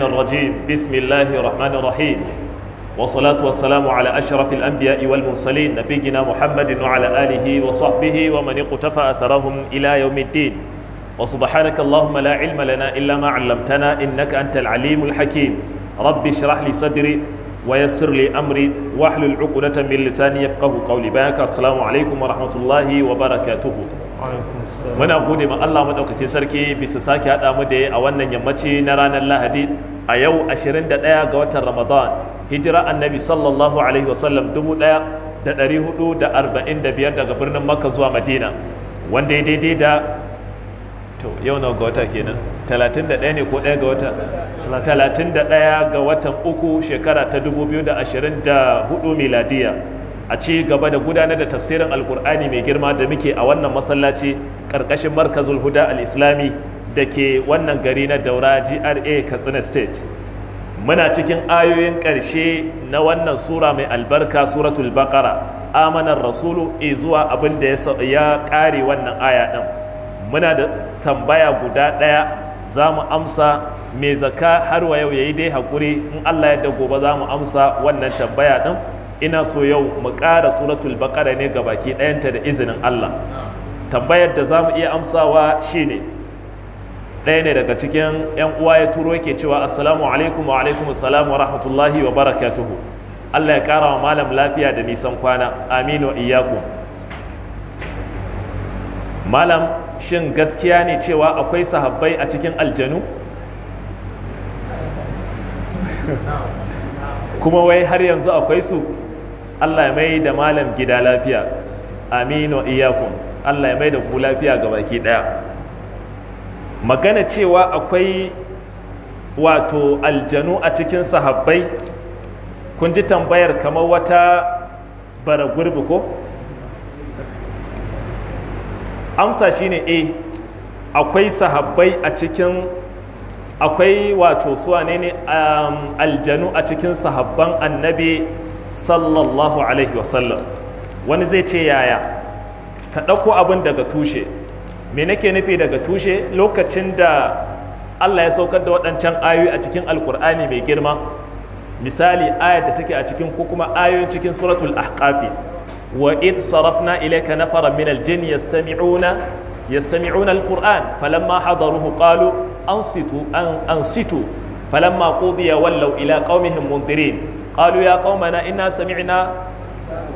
الرجيم بسم الله الرحمن الرحيم والصلاة والسلام على أشرف الأنبياء والمرسلين نبينا محمد وعلى آله وصحبه ومن اقتفى أثرهم إلى يوم الدين وسبحانك اللهم لا علم لنا إلا ما علمتنا إنك أنت العليم الحكيم رب اشرح لي صدري ويسر لي أمري واحلل عقدة من لساني يفقه قولي بارك السلام عليكم ورحمة الله وبركاته muna gode ma Allah madaukakin sarki bisa sake haɗa mu da a wannan yammaci na ranar Lahadi a yau 21 ga watan Ramadan hijira annabi sallallahu alaihi wasallam 1445 daga birnin Makka zuwa Madina wanda ya daidai da to yau na ga wata kenan 31 ne ko 1 ga wata 31 ga watan uku shekara ta 2024 miladiya a ci gaba da gudanar da tafsirin alkur'ani mai girma da muke a wannan masallaci ƙarƙashin markazul huda al-islami da ke wannan gari na daura gra katsina state muna cikin ayoyin ƙarshe na wannan sura mai albarka suratul baqara amanar rasulu e zuwa abin da ya kare wannan aya ɗin muna da tambaya guda ɗaya za mu amsa mai zaka har wa yau ya yi dai haƙuri in allah yadda gobe za mu amsa wannan tambaya ɗin ina so yau mu ƙara suratul baqara ne ga baki ɗayanta da izinin Allah tambayar da za mu iya amsawa ne. ɗaya ne daga cikin 'yan uwa ya turo ke cewa assalamu alaikum wa alaikum assalam wa rahmatullahi wa barakatuhu Allah ya ƙara wa malam lafiya da nisan kwana aminu Iyaku. malam shin gaskiya ne cewa akwai sahabbai a cikin aljanu kuma wai har yanzu akwai su Allah ya mai da malam gida lafiya aminu iyakun Allah ya mai da ku lafiya ga baki daya magana cewa akwai wato aljanu a cikin sahabbai kun ji tambayar kamar wata bara gurbi ko amsa shine eh akwai sahabbai a cikin akwai wato suwane ne um, aljanu a cikin sahabban annabi sallallahu alaihi wasallam wani zai ce yaya ka ɗauko abin daga tushe me nake nufi daga tushe lokacin da allah ya saukar da waɗancan ayoyi a cikin alkur'ani mai girma misali ayar da take a cikin ko kuma ayoyin cikin suratul ahqafi wa id sarafna ilayka nafara min aljin yastami'una yastami'una alquran falamma hadaruhu qalu ansitu an ansitu falamma qudiya wallaw ila qaumihim mundirin qalu ya qaumana ina sami'na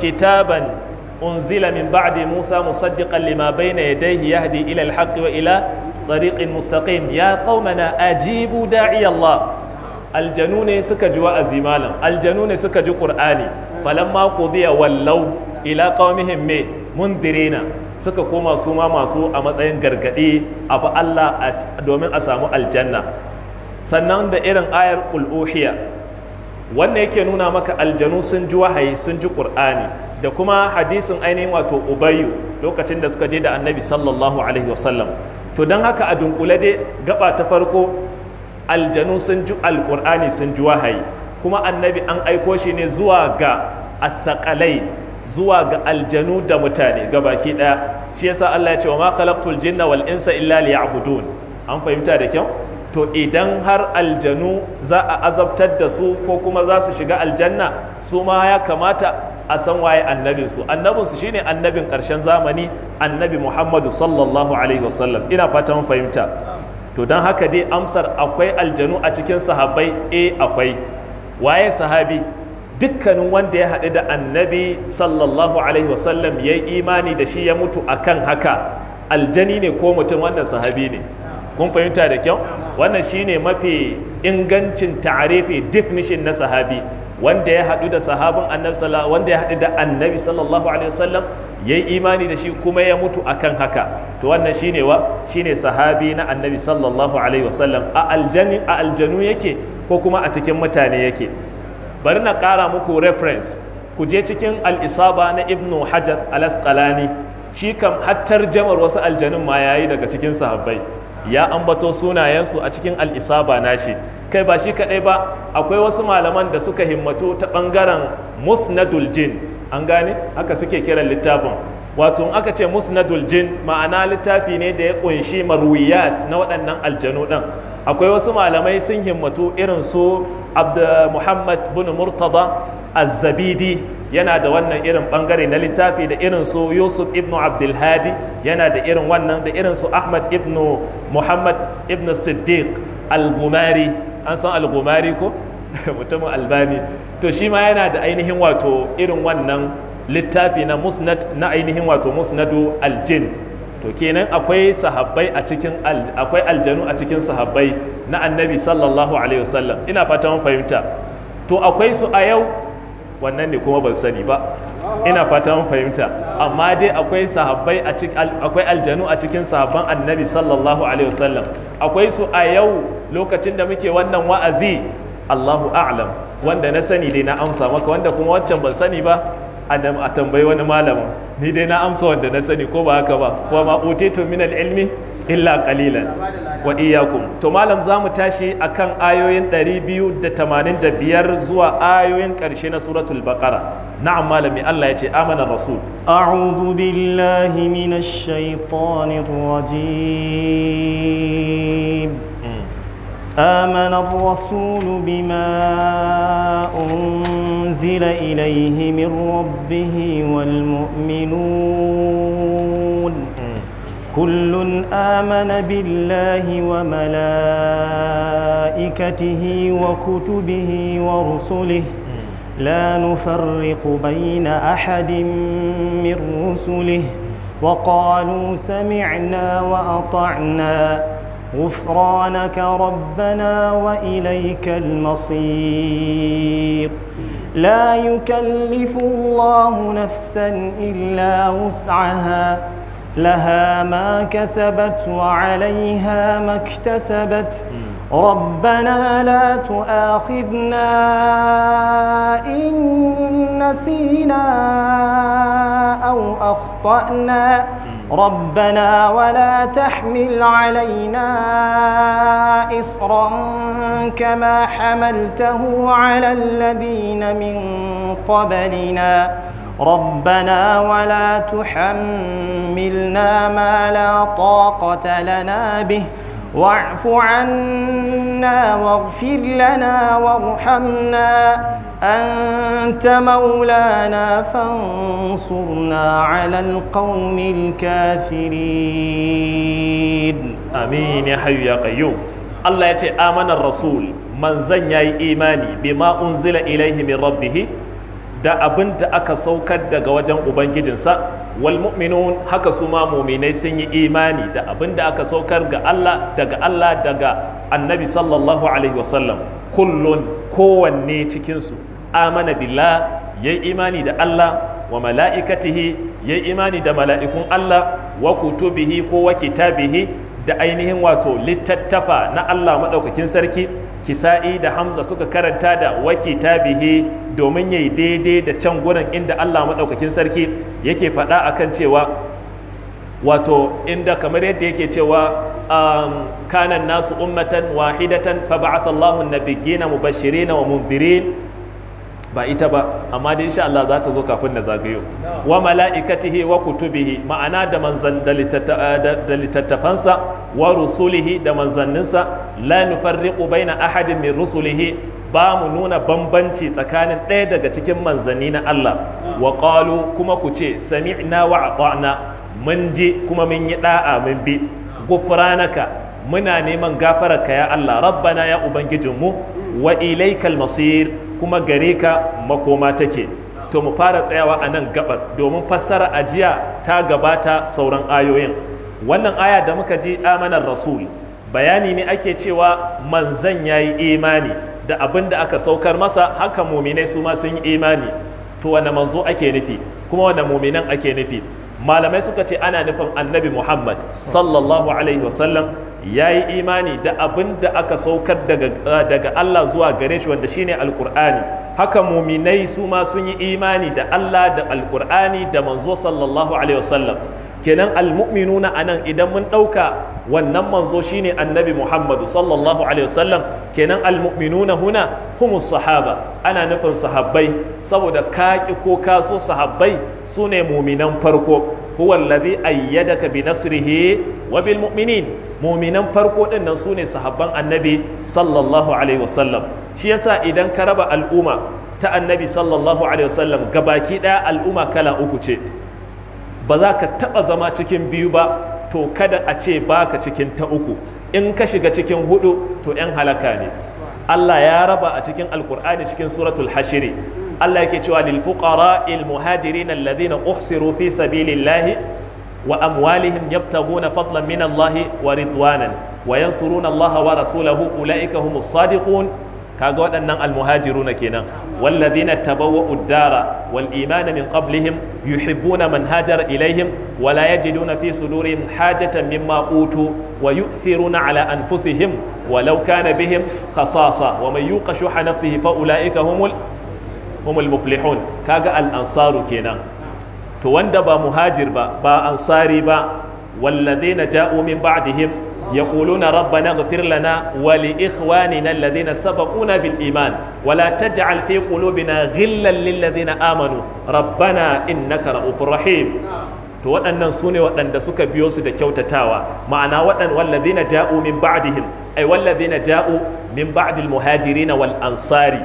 kitaban unzila min ba'di musa musaddiqan lima bayna ya yahdi ila al-haqqi wa ila tariqin mustaqim ya qaumana ajibu da'iya Allah aljanu ne suka ji wa'azi malam aljanu ne suka ji qur'ani falamma qudiya wallau ila qaumihim me mundirina suka koma su ma masu a matsayin gargadi abu Allah domin a samu aljanna sannan da irin ayar qul wannan yake nuna maka aljanu sun ji wahayi sun ji qur'ani da kuma hadisin ainihin wato ubayyu lokacin da suka je da annabi sallallahu alaihi wasallam to don haka a dunkule dai gaba ta farko aljanu sun ji alqur'ani sun ji wahayi kuma annabi an aiko shi ne zuwa ga sakalai, zuwa ga aljanu da mutane ga baki ɗaya shi yasa Allah ya ce wa ma khalaqtul jinna wal insa illa liya'budun an fahimta da kyau to idan har aljanu za a azabtar da su ko kuma za su shiga aljanna su ma ya kamata a san waye annabin su annabin su shine annabin karshen zamani annabi Muhammadu sallallahu alaihi wasallam ina fatan fahimta to don haka dai amsar akwai aljanu a cikin sahabbai eh akwai waye sahabi dukkanin wanda ya haɗu da annabi sallallahu alaihi wasallam ya yi imani da shi ya mutu akan haka aljani ne ko mutum wannan sahabi ne kun fahimta da kyau wannan shine mafi ingancin ta'arifi definition na sahabi wanda ya haɗu da sahabin annabi wanda ya haɗu da annabi sallallahu alaihi wasallam yi imani da shi kuma ya mutu akan haka to wannan shine wa shine sahabi na annabi sallallahu alaihi wasallam a aljani a aljanu yake ko kuma a cikin mutane yake bari na kara muku reference ku je cikin al-isaba na ibnu hajar al-asqalani shi kam hattar jamar wasu aljanun ma yayi daga cikin sahabbai ya ambato sunayensu a cikin al'isaba nashi kai ba shi kaɗai ba akwai wasu malaman da suka himmatu ta ɓangaren musnadul jin an gane haka suke kiran littafin wato in aka ce musnadul jin ma'ana littafi ne da ya ƙunshi marwiyat na waɗannan aljanu ɗin akwai wasu malamai sun himmatu irin su abd muhammad bin murtada az-zabidi yana da wannan irin bangare na littafi da irin su yusuf ibn abdulhadi yana da irin wannan da irin su ahmad ibn muhammad ibn siddiq al-gumari an san al-gumari ko mutumin albani to shi ma yana da ainihin wato irin wannan littafi na musnad na ainihin wato musnadu aljin to kenan akwai sahabbai a cikin akwai aljanu a cikin sahabbai na annabi sallallahu alaihi wasallam ina fatan fahimta to akwai su a yau wannan ne kuma ban sani ba ina fata mun fahimta amma dai akwai sahabbai a cikin akwai aljanu a cikin sahabban annabi sallallahu alaihi wasallam akwai su a yau lokacin da muke wannan wa'azi Allahu a'lam wanda na sani dai na amsa maka wanda kuma waccan ban sani ba a tambayi wani malamin ni dai na amsa wanda na sani ko ba haka ba wa ma utitu min al-ilmi illa ƙalilan, wa iyyakum to malam za mu tashi a kan ayoyin 285 zuwa ayoyin ƙarshe na suratul baqara na'am malami Allah ya ce amana rasul a'udhu billahi minash shaitanir rajim آمن الرسول بما أنزل إليه من ربه والمؤمنون كل آمن بالله وملائكته وكتبه ورسله لا نفرق بين أحد من رسله وقالوا سمعنا وأطعنا غفرانك ربنا وإليك المصير لا يكلف الله نفسا إلا وسعها لها ما كسبت وعليها ما اكتسبت ربنا لا تؤاخذنا إن نسينا أو أخطأنا ربنا ولا تحمل علينا إصرا كما حملته على الذين من قبلنا ربنا ولا تحملنا ما لا طاقة لنا به واعف عنا واغفر لنا وارحمنا أنت مولانا فانصرنا على القوم الكافرين آمين يا حي يا قيوم الله يتي آمن الرسول من زن يا إيماني بما أنزل إليه من ربه da abin da aka saukar daga wajen ubangijinsa wal mu'minun haka su ma muminai sun yi imani da abin da aka saukar ga Allah daga Allah daga annabi sallallahu alaihi wasallam kullun kowanne cikinsu amana billah ya yi imani da Allah wa mala'ikatihi ya yi imani da mala'ikun Allah wa kutubihi ko wa kitabihi da ainihin wato littattafa na Allah maɗaukakin sarki kisa'i da hamza suka karanta da waki tabihi domin ya yi daidai da can gurin inda Allah maɗaukakin sarki yake faɗa kan cewa wato inda kamar yadda yake cewa um, kanan nasu ummatan wahidatan fa ba'atha na mu nabiyyina mubashirin wa mundhirin ba ita ba amma dai insha Allah za ta zo kafin na zagayo wa mala'ikatihi wa kutubihi ma'ana da manzan da littattafansa wa rusulihi da manzanninsa la nufarriqu baina ahadin min rusulihi ba mu nuna bambanci tsakanin ɗaya daga cikin manzanni na Allah wa qalu kuma ku ce sami'na wa ata'na mun ji kuma mun yi da'a mun bi gufranaka muna neman gafararka ya Allah rabbana ya ubangijinmu wa ilaikal masir kuma gare ka makoma take to mu fara tsayawa a nan gabar domin fassara ajiya ta gabata sauran ayoyin wannan aya da muka ji amanar rasul bayani ne ake cewa manzan ya yi imani da abin da aka saukar masa haka muminai su ma sun yi imani to wane manzo ake nufi kuma wane muminan ake nufi malamai suka ce ana nufin annabi muhammad sallallahu alaihi wasallam ya yi imani da abin da aka saukar ah, daga Allah zuwa gare shi wanda shine alkur'ani haka muminai su ma sun yi imani da Allah da alkur'ani da manzo sallallahu alaihi wasallam kenan almu'minuna anan idan mun ɗauka wannan manzo shine annabi muhammadu sallallahu alaihi wasallam kenan almu'minuna huna humus sahaba ana nufin sahabbai saboda kaki ko kaso sahabbai su ne muminan farko huwa alladhi ayyadaka bi nasrihi wa bil mu'minin muminan farko din nan sune sahabban annabi sallallahu alaihi wasallam shi yasa idan ka raba al'umma ta annabi sallallahu alaihi wasallam gabaki daya al'umma kala uku ce ba za ka taba zama cikin biyu ba to kada a ce baka cikin ta uku in ka shiga cikin hudu to yan halaka ne Allah ya raba a cikin alkur'ani cikin suratul hashiri Allah yake cewa lil fuqara il muhajirin alladhina uhsiru fi sabilillahi وأموالهم يبتغون فضلا من الله ورضوانا وينصرون الله ورسوله أولئك هم الصادقون كقول أن المهاجرون كنا والذين تبوأوا الدار والإيمان من قبلهم يحبون من هاجر إليهم ولا يجدون في صدورهم حاجة مما أوتوا ويؤثرون على أنفسهم ولو كان بهم خصاصة ومن يوق شح نفسه فأولئك هم هم المفلحون كاغا الأنصار كنا to wanda ba muhajir ba ba ansari ba wallazi na ja'u min ba'dihim ya na rabba na gafir lana wali ikhwani na lalazi na saba kuna bil iman wala ta ji alfi kulobi na gillan lalazi amanu rabbana inna ka ra'ufur rahim to waɗannan su waɗanda suka biyo su da kyautatawa ma'ana waɗan wallazi na ja'u min ba'dihim ai wallazi na ja'u min ba'dil muhajirina wal ansari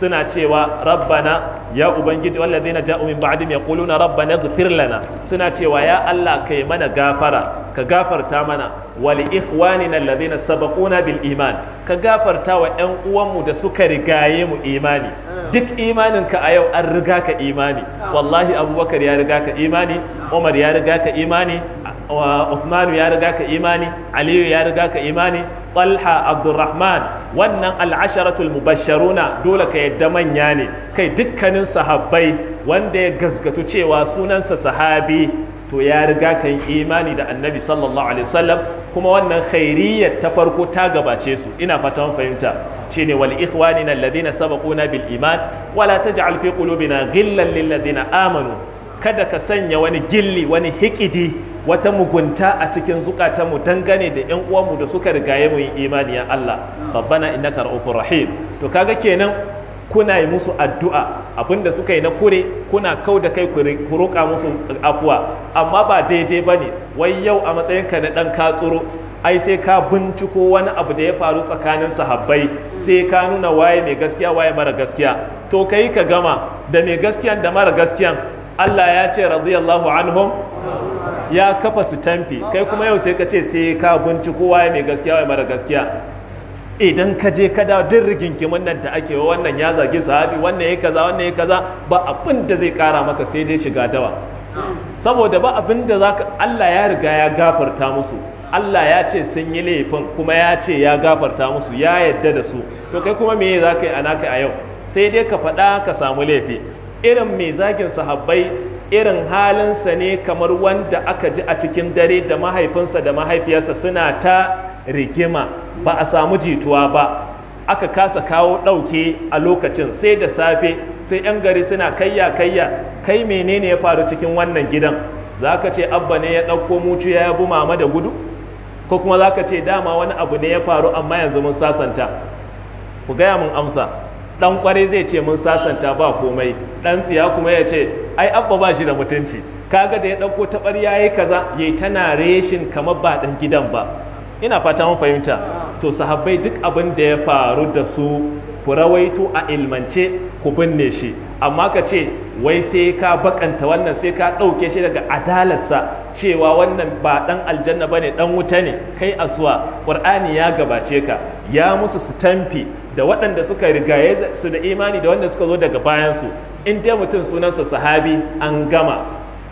suna cewa rabbana ya ubangiji wallazina ja'u ya kulu na rabbana ighfir lana suna cewa ya Allah kai mana gafara ka gafarta mana wal ikhwanina allazina sabaquna bil iman ka gafarta wa yan uwanmu da suka rigaye mu imani duk imaninka a yau an riga ka imani wallahi abubakar ya riga ka imani umar ya riga ka imani Uthmanu ya riga ka imani Aliyu ya riga ka imani Talha Abdulrahman, wannan al'asharatul mubasharuna dole ka yadda manya ne kai dukkanin sahabbai wanda ya gazgatu cewa sunansa sahabi to ya riga ka yi imani da annabi sallallahu alaihi wasallam kuma wannan khairiyyar ta farko ta gabace su ina fatan fahimta shine wal ikhwanina alladhina sabaquna bil iman wala taj'al fi qulubina ghillan lil ladina amanu kada ka sanya wani gilli wani hikidi wata mugunta a cikin mu dangane da yan uwanmu da suka rigaye mu yin imani ya Allah rabbana innaka ra'ufur rahim to kaga kenan kuna yi musu addu'a abinda suka yi na kure kuna kau da kai ku roƙa musu afuwa amma ba daidai ba ne wai yau a matsayinka na ɗan katsuro ai sai ka binciko wani abu da ya faru tsakanin sahabbai sai ka nuna waye mai gaskiya waye mara gaskiya to kai ka gama da mai gaskiyan da mara gaskiyan Allah ya ce radiyallahu anhum ya kafa su tamfi kai kuma yau sai ka ce sai ka binciko waye mai gaskiya waye mara gaskiya idan ka je ka dawo duk rigingimin nan da ake wannan ya zagi sahabi wannan ya kaza wannan ya kaza ba abin da zai kara maka sai dai shiga dawa saboda ba abin da zaka Allah ya riga ya gafarta musu Allah ya ce sun yi laifin kuma ya ce ya gafarta musu ya yadda da su to kai kuma me zaka yi a naka a yau sai dai ka faɗa ka samu laifi irin mai zagin sahabbai irin halinsa ne kamar wanda aka ji a cikin dare da mahaifinsa da mahaifiyarsa suna ta rigima ba a samu jituwa ba aka kasa kawo ɗauke a lokacin sai da safe sai 'yan gari suna kayya kayya kai menene ya faru cikin wannan gidan za ka ce abba ne ya ɗauko mutu ya yabi mama da gudu ko kuma za ka ce dama wani abu ne ya faru amma yanzu mun sasanta ku gaya mun amsa dan kwarai zai ce mun sasanta ba komai dan tsiya kuma ya ce ai abba ba shi da mutunci kaga da ya ɗauko taɓar ya yi kaza yayi tana reshin kamar ba ɗan gidan ba ina fata mun fahimta to sahabbai duk abin da ya faru da su ku rawaito a ilmance ku binne shi amma ka ce wai sai ka bakanta wannan sai ka ɗauke shi daga adalarsa cewa wannan ba ɗan aljanna bane ne ɗan wuta ne kai asuwa ƙur'ani ya gabace ka ya musu su tamfi da waɗanda suka rigaye su da imani da wanda suka zo daga bayansu in dai mutum sunansa sahabi an gama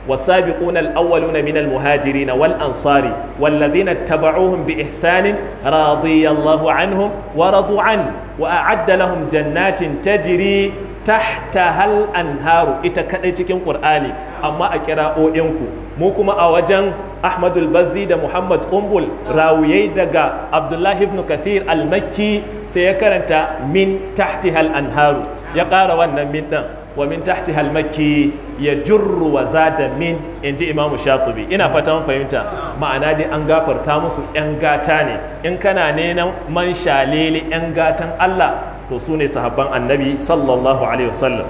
والسابقون الأولون من المهاجرين والأنصار والذين اتبعوهم بإحسان رضي الله عنهم ورضوا عنه وأعد لهم جنات تجري ta hal anharu ita kadai cikin qur'ani amma a kira'o'in ku mu kuma a wajen ahmadul bazzi da muhammad qumbul rawiyai daga abdullahi ibn kathir al-makki sai ya karanta min tahti hal haru. ya ƙara wannan min din wa min tahti hal makki ya jurru wa zada min inji imamu shatubi ina fatan fahimta ma'ana dai an gafarta musu yan gata ne in kana neman man shalele yan gatan allah to su ne sahabban annabi sallallahu alaihi wasallam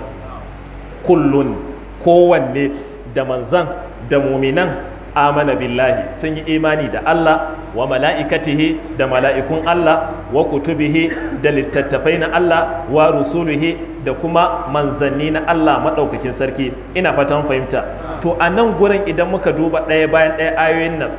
kullun kowanne da manzan da muminan amana billahi sun yi imani da Allah wa mala'ikatihi da mala'ikun Allah wa kutubihi da littattafai na Allah wa rusuluhi da kuma manzanni na Allah maɗaukakin sarki ina fatan fahimta to a nan gurin idan muka duba ɗaya bayan ɗaya ayoyin nan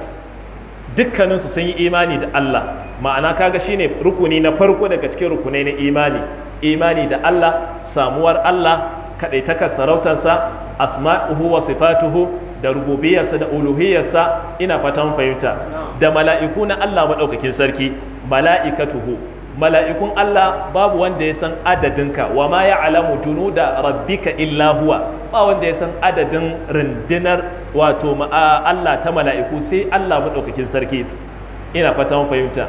dukkaninsu sun yi imani da Allah ma'ana kaga shine rukuni na farko daga cikin rukunai na imani imani da Allah samuwar Allah kaɗaitakar sarautarsa asma'uhu wa sifatuhu da rububiyarsa da uluhiyarsa ina fatan fahimta da mala'iku na Allah maɗaukakin sarki mala'ikatuhu mala'ikun Allah babu wanda ya san adadinka wa ma ya alamu junu da rabbika illa huwa ba wanda ya san adadin rundunar wato Allah ta mala'iku sai Allah maɗaukakin sarki ina fatan fahimta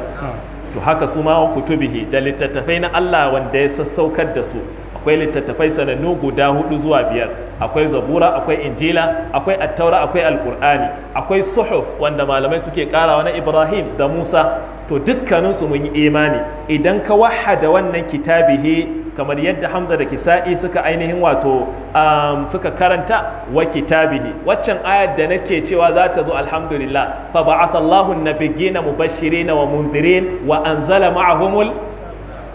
to haka su ma kutubihi da littattafai na Allah wanda ya sassaukar da su akwai littattafai sanannu guda hudu zuwa biyar akwai zabura akwai injila akwai attaura akwai alkur'ani akwai suhuf wanda malamai suke karawa na ibrahim da musa to dukkaninsu mun yi imani idan ka wahada wannan kitabihi kamar yadda hamza da kisa'i suka ainihin wato um, suka karanta wa kitabihi waccan ayar da nake cewa za ta zo alhamdulillah fa ba'atha Allahu nabiyina mubashirina wa mundirin wa anzala ma'ahumul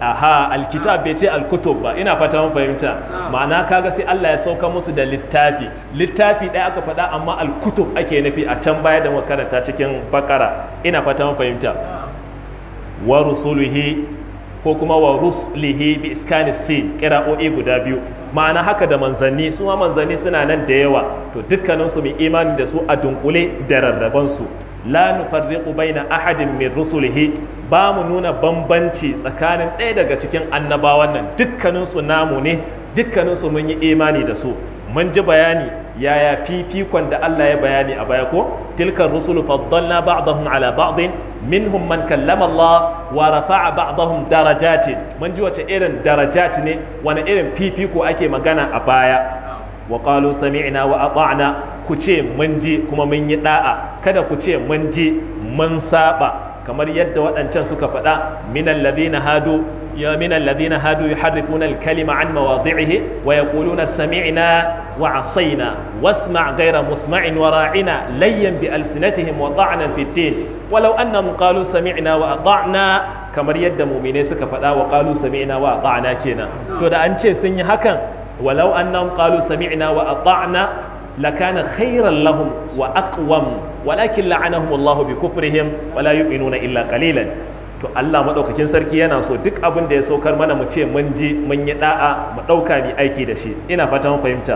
aha alkitab bai ce alkutub ba ina fata mun fahimta ma'ana kaga sai Allah ya sauka musu da littafi littafi ɗaya aka faɗa amma alkutub ake nufi a can baya da makaranta cikin bakara ina fata mun fahimta wa rusulihi ko kuma wa rusulihi bi iskanis sin qira'o'i guda biyu ma'ana haka da manzanni su ma manzanni suna nan da yawa to dukkanin su mai imani da su a dunkule da rarraban su la nufarriqu baina ahadin min rusulihi ba mu nuna bambanci tsakanin ɗaya daga cikin annabawan nan dukkanin su namu ne dukkanin su mun yi imani da su mun ji bayani yaya fifikon da Allah ya bayani a baya ko tilkar rusul faddalna ba'dahum ala ba'din minhum man kallama Allah wa rafa'a ba'dahum darajatin mun ji wace irin darajat ne wani irin fifiko ake magana a baya wa qalu sami'na wa ata'na ku ce mun ji kuma mun yi da'a kada ku ce mun ji mun saba kamar yadda waɗancan suka faɗa minan ladina hadu ya minan ladina hadu yuharrifuna al-kalima an mawadi'ihi wa yaquluna sami'na wa asaina wasma' ghayra musma'in wa ra'ina layyan bi alsinatihim wa ta'nan fi din walau mu qalu sami'na wa ata'na kamar yadda muminai suka faɗa wa qalu sami'na wa ata'na kenan to da an ce sun yi hakan walau annahum qalu sami'na wa ata'na lakana khairan lahum wa aqwam walakin la'anahum Allah bi kufrihim wala yu'minuna illa kalilan. to Allah madaukakin sarki yana so duk abin da ya saukar mana mu ce mun ji mun yi da'a mu dauka mu aiki da shi ina fatan fahimta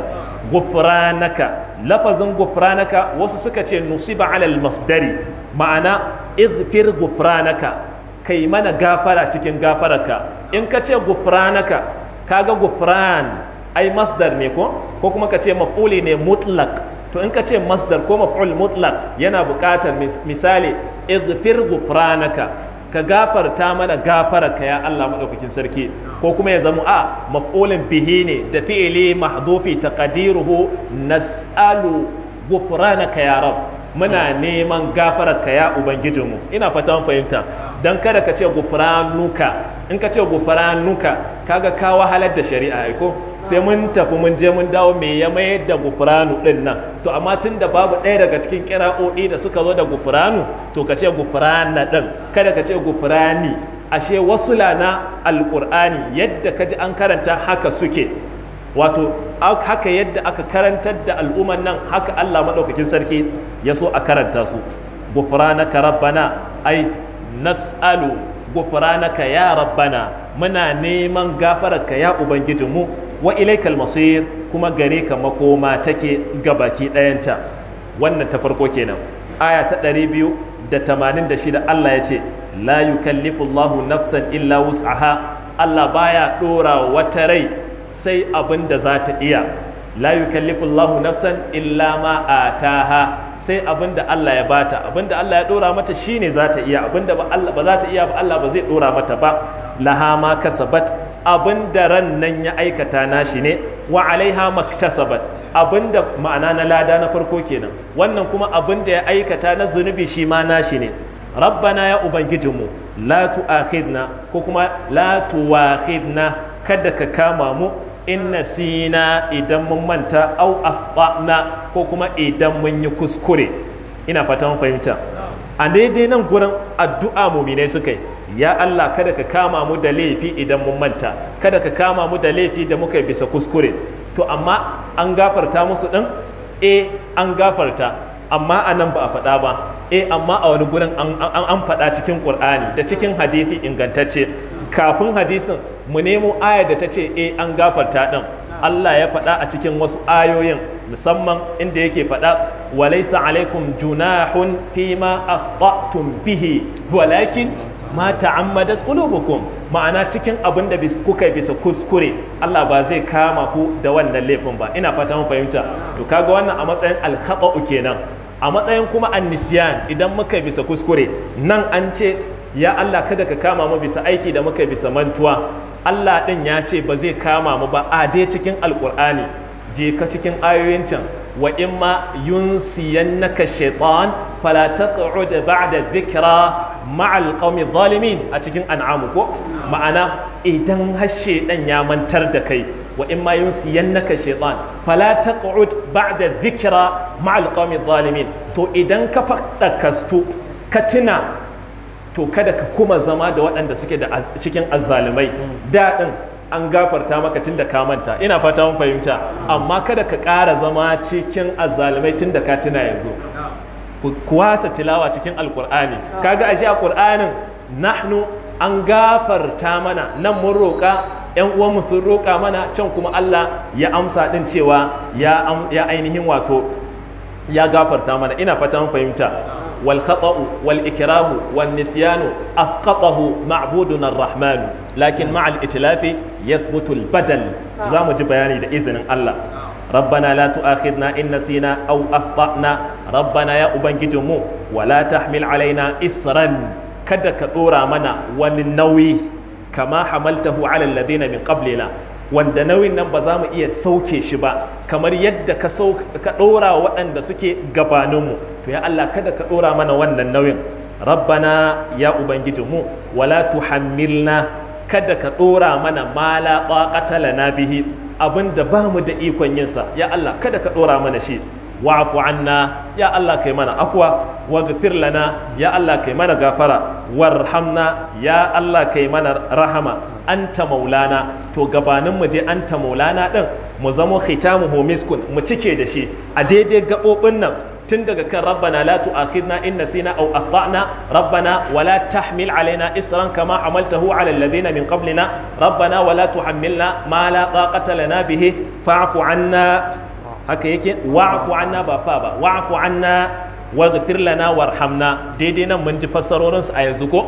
gufranaka lafazin gufranaka wasu suka ce nusiba ala masdari ma'ana idfir gufranaka kai mana gafara cikin gafararka in ka ce gufranaka kaga gufran ai masdar ne ko ko kuma ka ce maf'uli ne mutlaq to in ka ce masdar ko maf'ul mutlaq yana buƙatar misali izfir gufranaka ka gafarta mana gafararka ya Allah maɗaukakin sarki ko kuma ya zama a maf'ulin bihi ne da fi'ili mahdhufi taqdiruhu nas'alu ghufranaka ya rab muna neman gafararka ya ubangijinmu ina fatan fahimta dan kada ka ce gufranuka in ka ce gufranuka kaga ka wahalar da shari'a aiko sai mun tafi mun je mun dawo me ya mayar da gufranu din nan to amma tun da babu ɗaya daga cikin kira'o'i da suka zo da gufranu to ka ce gufurana din kada ka ce gufrani ashe wasu na alƙur'ani yadda ka ji an karanta haka suke wato haka yadda aka karantar da al'umman nan haka Allah maɗaukakin sarki ya so a karanta su na rabbana ai nas'alu ghufranaka ya rabbana muna neman gafararka ya ubangijinmu wa ilaikal masir kuma gare ka makoma take ga baki ɗayanta wannan ta farko kenan aya ta 286 Allah ya ce la yukallifu Allahu nafsan illa wus'aha Allah baya ɗora wata rai sai abin da za ta iya la yukallifu Allahu nafsan illa ma ataha sai abin da Allah ya bata abin da Allah ya dora mata shine za ta iya abin da ba za ta iya ba Allah ba zai dora mata ba laha ma kasabat abin da ran nan ya aikata nashi ne wa alaiha maktasabat abin da ma'ana na lada na farko kenan wannan kuma abin da ya aikata na zunubi shi ma nashi ne rabbana ya ubangijinmu la tu'akhidna ko kuma la tuwakhidna kada ka kama mu in sina idan mun manta au afqana ko kuma idan mun yi kuskure ina fatan fahimta a daidai nan gurin addu'a mumine suka yi ya Allah kada ka kama mu da laifi idan mun manta kada ka kama mu da laifi da muka bisa kuskure to amma an gafarta musu din e eh, an gafarta amma a nan ba a faɗa ba e amma a wani gurin an faɗa cikin ƙur'ani da cikin hadisi ingantacce kafin hadisin mu nemo aya da ta ce e an gafarta ɗin Allah ya faɗa a cikin wasu ayoyin musamman inda yake faɗa walaisa alaikum junahun fima afqatum bihi walakin ma ta'ammadat qulubukum ma'ana cikin abin da kuka bisa kuskure Allah ba zai kama ku da wannan laifin ba ina fata mun fahimta to kaga wannan a matsayin alkhata'u kenan a matsayin kuma annisyan idan muka bisa kuskure nan an ce ya Allah kada ka kama mu bisa aiki da muka bisa mantuwa Allah ɗin ya ce ba zai kama mu ba a dai cikin alkur'ani je ka cikin ayoyin can wa imma naka shaitan fala taq'ud ba'da dhikra ma'al qaumi zalimin a cikin an'amu ko ma'ana idan har shaitan ya mantar da kai wa in ma naka shaitan? fala taq'ud ba'da dhikra ma'al qawmi dhalimin to idan ka fadakastu ka tuna to kada ka kuma zama da waɗanda suke da cikin azzalumai mm. daɗin an gafarta maka tun da ka manta ina fata mun fahimta mm. amma kada ka ƙara zama cikin azzalumai tun da ka tuna yanzu ku kwasa tilawa cikin alkur'ani kaga ashe a qur'anin nahnu an gafarta mana nan mun roƙa yan uwanmu sun roƙa mana can kuma Allah ya amsa din cewa ya ainihin wato ya gafarta mana ina fata mun fahimta wal khata'u wal ikrahu wan nisyanu asqatahu ma'budun ar-rahman lakin ma'a al-itlafi yathbutu al-badal zamu ji bayani da izinin Allah rabbana la tu'akhidna in nasina aw na rabbana ya mu wala tahmil alaina isran kada ka dora mana wani nauyi kama hamaltahu ala alladhina min qablina wanda nauyin nan ba za mu iya sauke shi ba kamar yadda ka ka ɗora waɗanda suke gabaninmu to ya Allah kada ka ɗora mana wannan nauyin rabbana ya mu wala tuhammilna kada ka ɗora mana mala ƙaƙata lana bihi abinda ba mu da ikon yinsa ya Allah kada ka ɗora mana shi wa'fu anna ya Allah kai mana afwa waghfir lana ya Allah kai mana gafara warhamna ya Allah kai mana rahama anta maulana to gabanin mu je anta maulana din mu zamo khitamuhu miskun mu cike da shi a daidai gabobin nan tun daga kan rabbana la tu'akhidna in nasina aw akhtana rabbana wala tahmil alaina isran kama hamaltahu ala alladhina min qablina rabbana wala tuhammilna ma la taqata lana bihi fa'fu anna haka yake wa'fu anna ba fa ba wa'fu anna waghfir lana warhamna daidai nan mun ji su a yanzu ko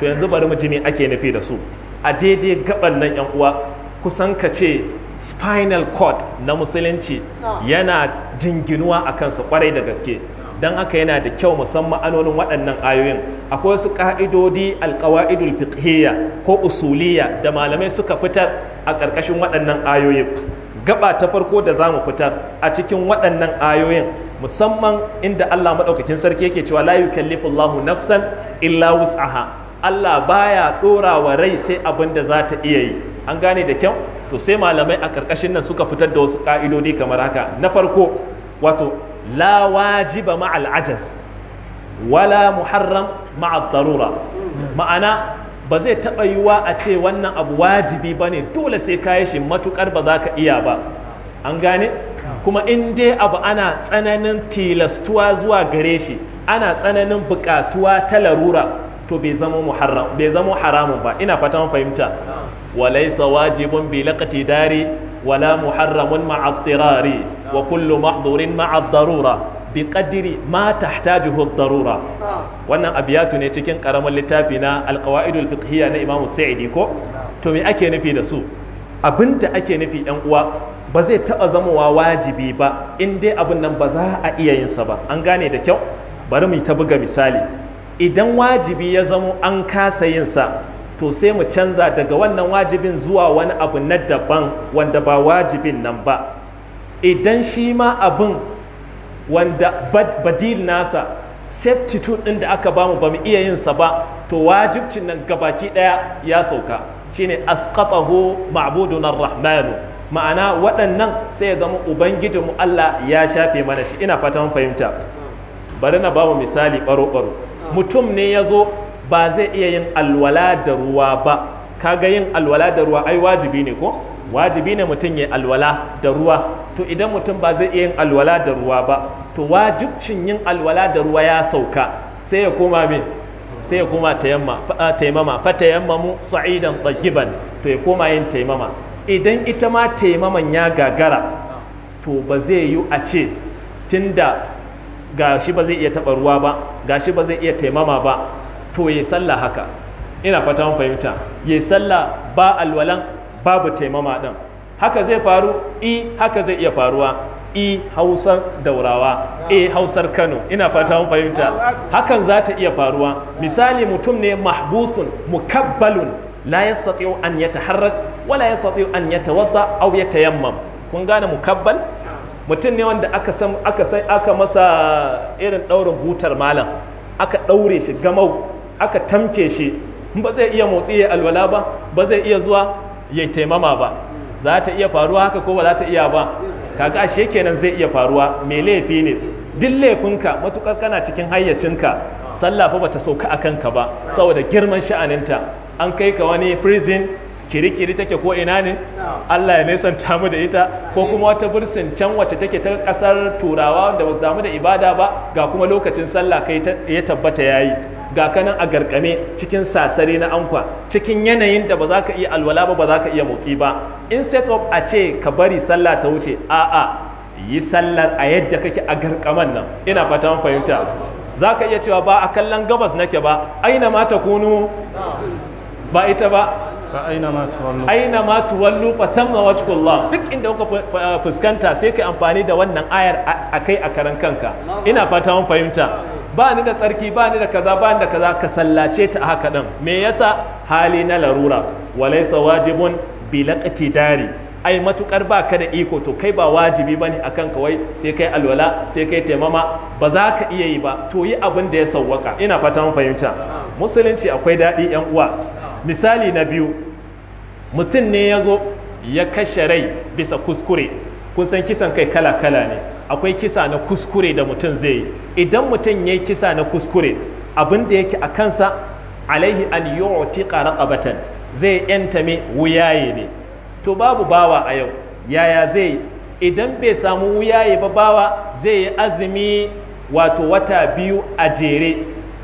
to yanzu bari mu ji me ake nufi da su a daidai gaban nan yan uwa kusan ka ce spinal cord na musulunci yana jinginuwa a kansa kwarai da gaske don haka yana da kyau musamman anonin waɗannan ayoyin akwai wasu ƙa'idodi alƙawa'idul fiqhiyya ko usuliya da malamai suka fitar a ƙarƙashin waɗannan ayoyin gaba ta farko da za mu fitar a cikin waɗannan ayoyin musamman inda Allah maɗaukakin sarki yake cewa la yukallifu Allahu nafsan illa wus'aha Allah baya ɗora wa rai sai abin da za ta iya yi an gane da kyau to sai malamai a ƙarƙashin nan suka fitar da wasu ƙa'idodi kamar haka na farko wato la wajiba ma'al al'ajas, wala muharram ma'al darura ma'ana ba zai taɓa yiwuwa a ce wannan abu wajibi ba ne dole sai ka yi shi matuƙar ba za ka iya ba an gane kuma in dai abu ana tsananin tilastuwa zuwa gare shi ana tsananin buƙatuwa ta larura to bai zama muharram bai zama haramun ba ina fatan fahimta walaysa wajibun bi laqati dari wala muharramun ma'a tirari wa kullu mahdhurin ma'a darura bi qadri ma tahtajuhu darura wannan abiyatu ne cikin karamin littafi na alqawaidul fiqhiyya na imamu Sa'idi ko to me ake nufi da su abinda ake nufi yan uwa ba zai taɓa zamowa wajibi ba in dai abin nan ba za a iya yinsa ba an gane da kyau bari mu ta buga misali idan wajibi ya zamo an kasa yinsa to sai mu canza daga wannan wajibin zuwa wani abu na daban wanda ba wajibin nan ba idan shi ma abin wanda badil nasa septitude ɗin da aka bamu ba mu iya yinsa ba to wajibcin nan gabaki ɗaya ya sauka shine asqatahu ma'budun rahmanu ma'ana waɗannan sai ya zama mu Allah ya shafe mana shi ina fatan fahimta bari na bamu misali baro-baro. mutum ne ya zo ba zai iya yin alwala da ruwa ba kaga yin alwala da ruwa ai wajibi ne ko wajibi ne mutum ya alwala da ruwa to idan mutum ba zai iya yin alwala da ruwa ba to wajibcin yin alwala da ruwa ya sauka sai ya koma me sai ya koma taimama fa tayammamu sa'idan tayyiban to ya koma yin taimama idan ita ma taimaman ya gagara to ba zai yi a ce tunda ga shi ba zai iya taɓa ruwa ba ga shi ba zai iya taimama ba to ya sallah haka ina fata mun fahimta ya sallah ba alwalan babu taimama ɗin haka zai faru i haka zai iya faruwa i hausar daurawa e hausar kano ina fata mun fahimta hakan za ta iya faruwa misali mutum ne mahbusun mukabbalun la yastati'u an yataharrak wala yastati'u an yatawadda aw yatayammam kun gane mukabbal mutum ne wanda aka san aka san aka masa irin ɗaurin butar malam aka ɗaure shi gamau aka tamke shi ba zai iya motsi ya alwala ba ba zai iya zuwa ya taimama ba za ta iya faruwa haka ko ba za ta iya ba kaga ashe kenan zai iya faruwa me laifi ne duk laifinka matukar kana cikin hayyacinka sallah fa bata sauka akan ka ba saboda girman sha'aninta an kai ka wani prison kirikiri take ko ina ne Allah ya nesanta mu da ita ko kuma wata bursin can wacce take ta kasar turawa da basu damu da ibada ba ga kuma lokacin sallah kai ya tabbata yayi ga kanan a garkame cikin sasare na ankwa cikin yanayin da ba za ka iya alwala ba ba za ka iya motsi ba in set up a ce ka bari sallah ta wuce a'a yi sallar a yadda kake a garkaman nan ina fata fahimta za ka iya cewa ba a kallon gabas nake ba aina ma ta kunu ba ita ba aina ma tuwallu fa thamma wajhullah duk inda kuka fuskanta sai kai amfani da wannan ayar akai a karan kanka ina fata mun fahimta ba ni da tsarki ba ni da kaza ba ni da kaza ka sallace ta haka din me yasa hali na larura walaysa wajibun bilaqti dari ai matukar ba ka da iko to kai ba wajibi ba ne a wai sai kai alwala sai kai taimama ba za ka iya yi ba to yi abin da ya sauwaka ina fatan fahimta musulunci akwai daɗi yan uwa misali na biyu mutum ne ya zo ya kashe rai bisa kuskure kun san kisan kai kala-kala ne akwai kisa na kuskure da mutum zai yi idan mutum ya yi kisa na kuskure abin da yake a kansa alaihi an yu'tiqa raqabatan zai yanta mai wuyaye ne to babu bawa a yau yaya zai idan bai samu wuyaye ba bawa zai yi azumi wato wata biyu a jere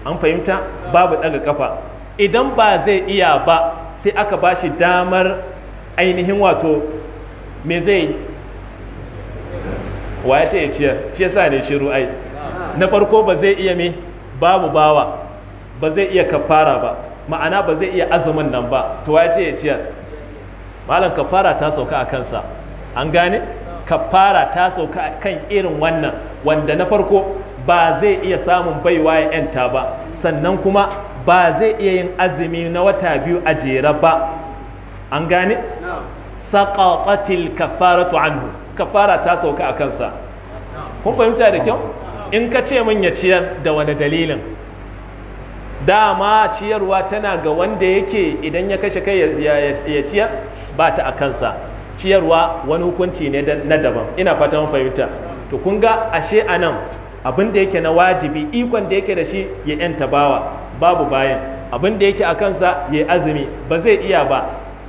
an fahimta babu daga kafa idan ba zai iya ba sai aka ba shi damar ainihin wato me zai wa ya ce ya ciyar shi yasa ne shiru ai na farko ba zai iya me babu bawa ba zai iya kafara ba ma'ana ba zai iya azumin nan ba to ya ce ya ciyar malam kafara ta sauka a kansa an gane kafara ta sauka a kan irin wannan wanda na farko ba zai iya samun baiwa ya 'yanta ba sannan kuma ba zai iya yin azumi na wata biyu a jere ba an gane saƙaƙatil kafaratu anhu kafara ta sauka a kansa kun fahimta da kyau in ka ce min ya ciyar da wani dalilin dama ciyarwa tana ga wanda yake idan ya kashe kai ya ciyar ba ta a kansa ciyarwa wani hukunci ne na daban ina fata mun fahimta to kun ga ashe anan abin da yake na wajibi ikon da yake da shi ya yanta bawa babu bayan abin da yake a kansa ya azumi ba zai iya ba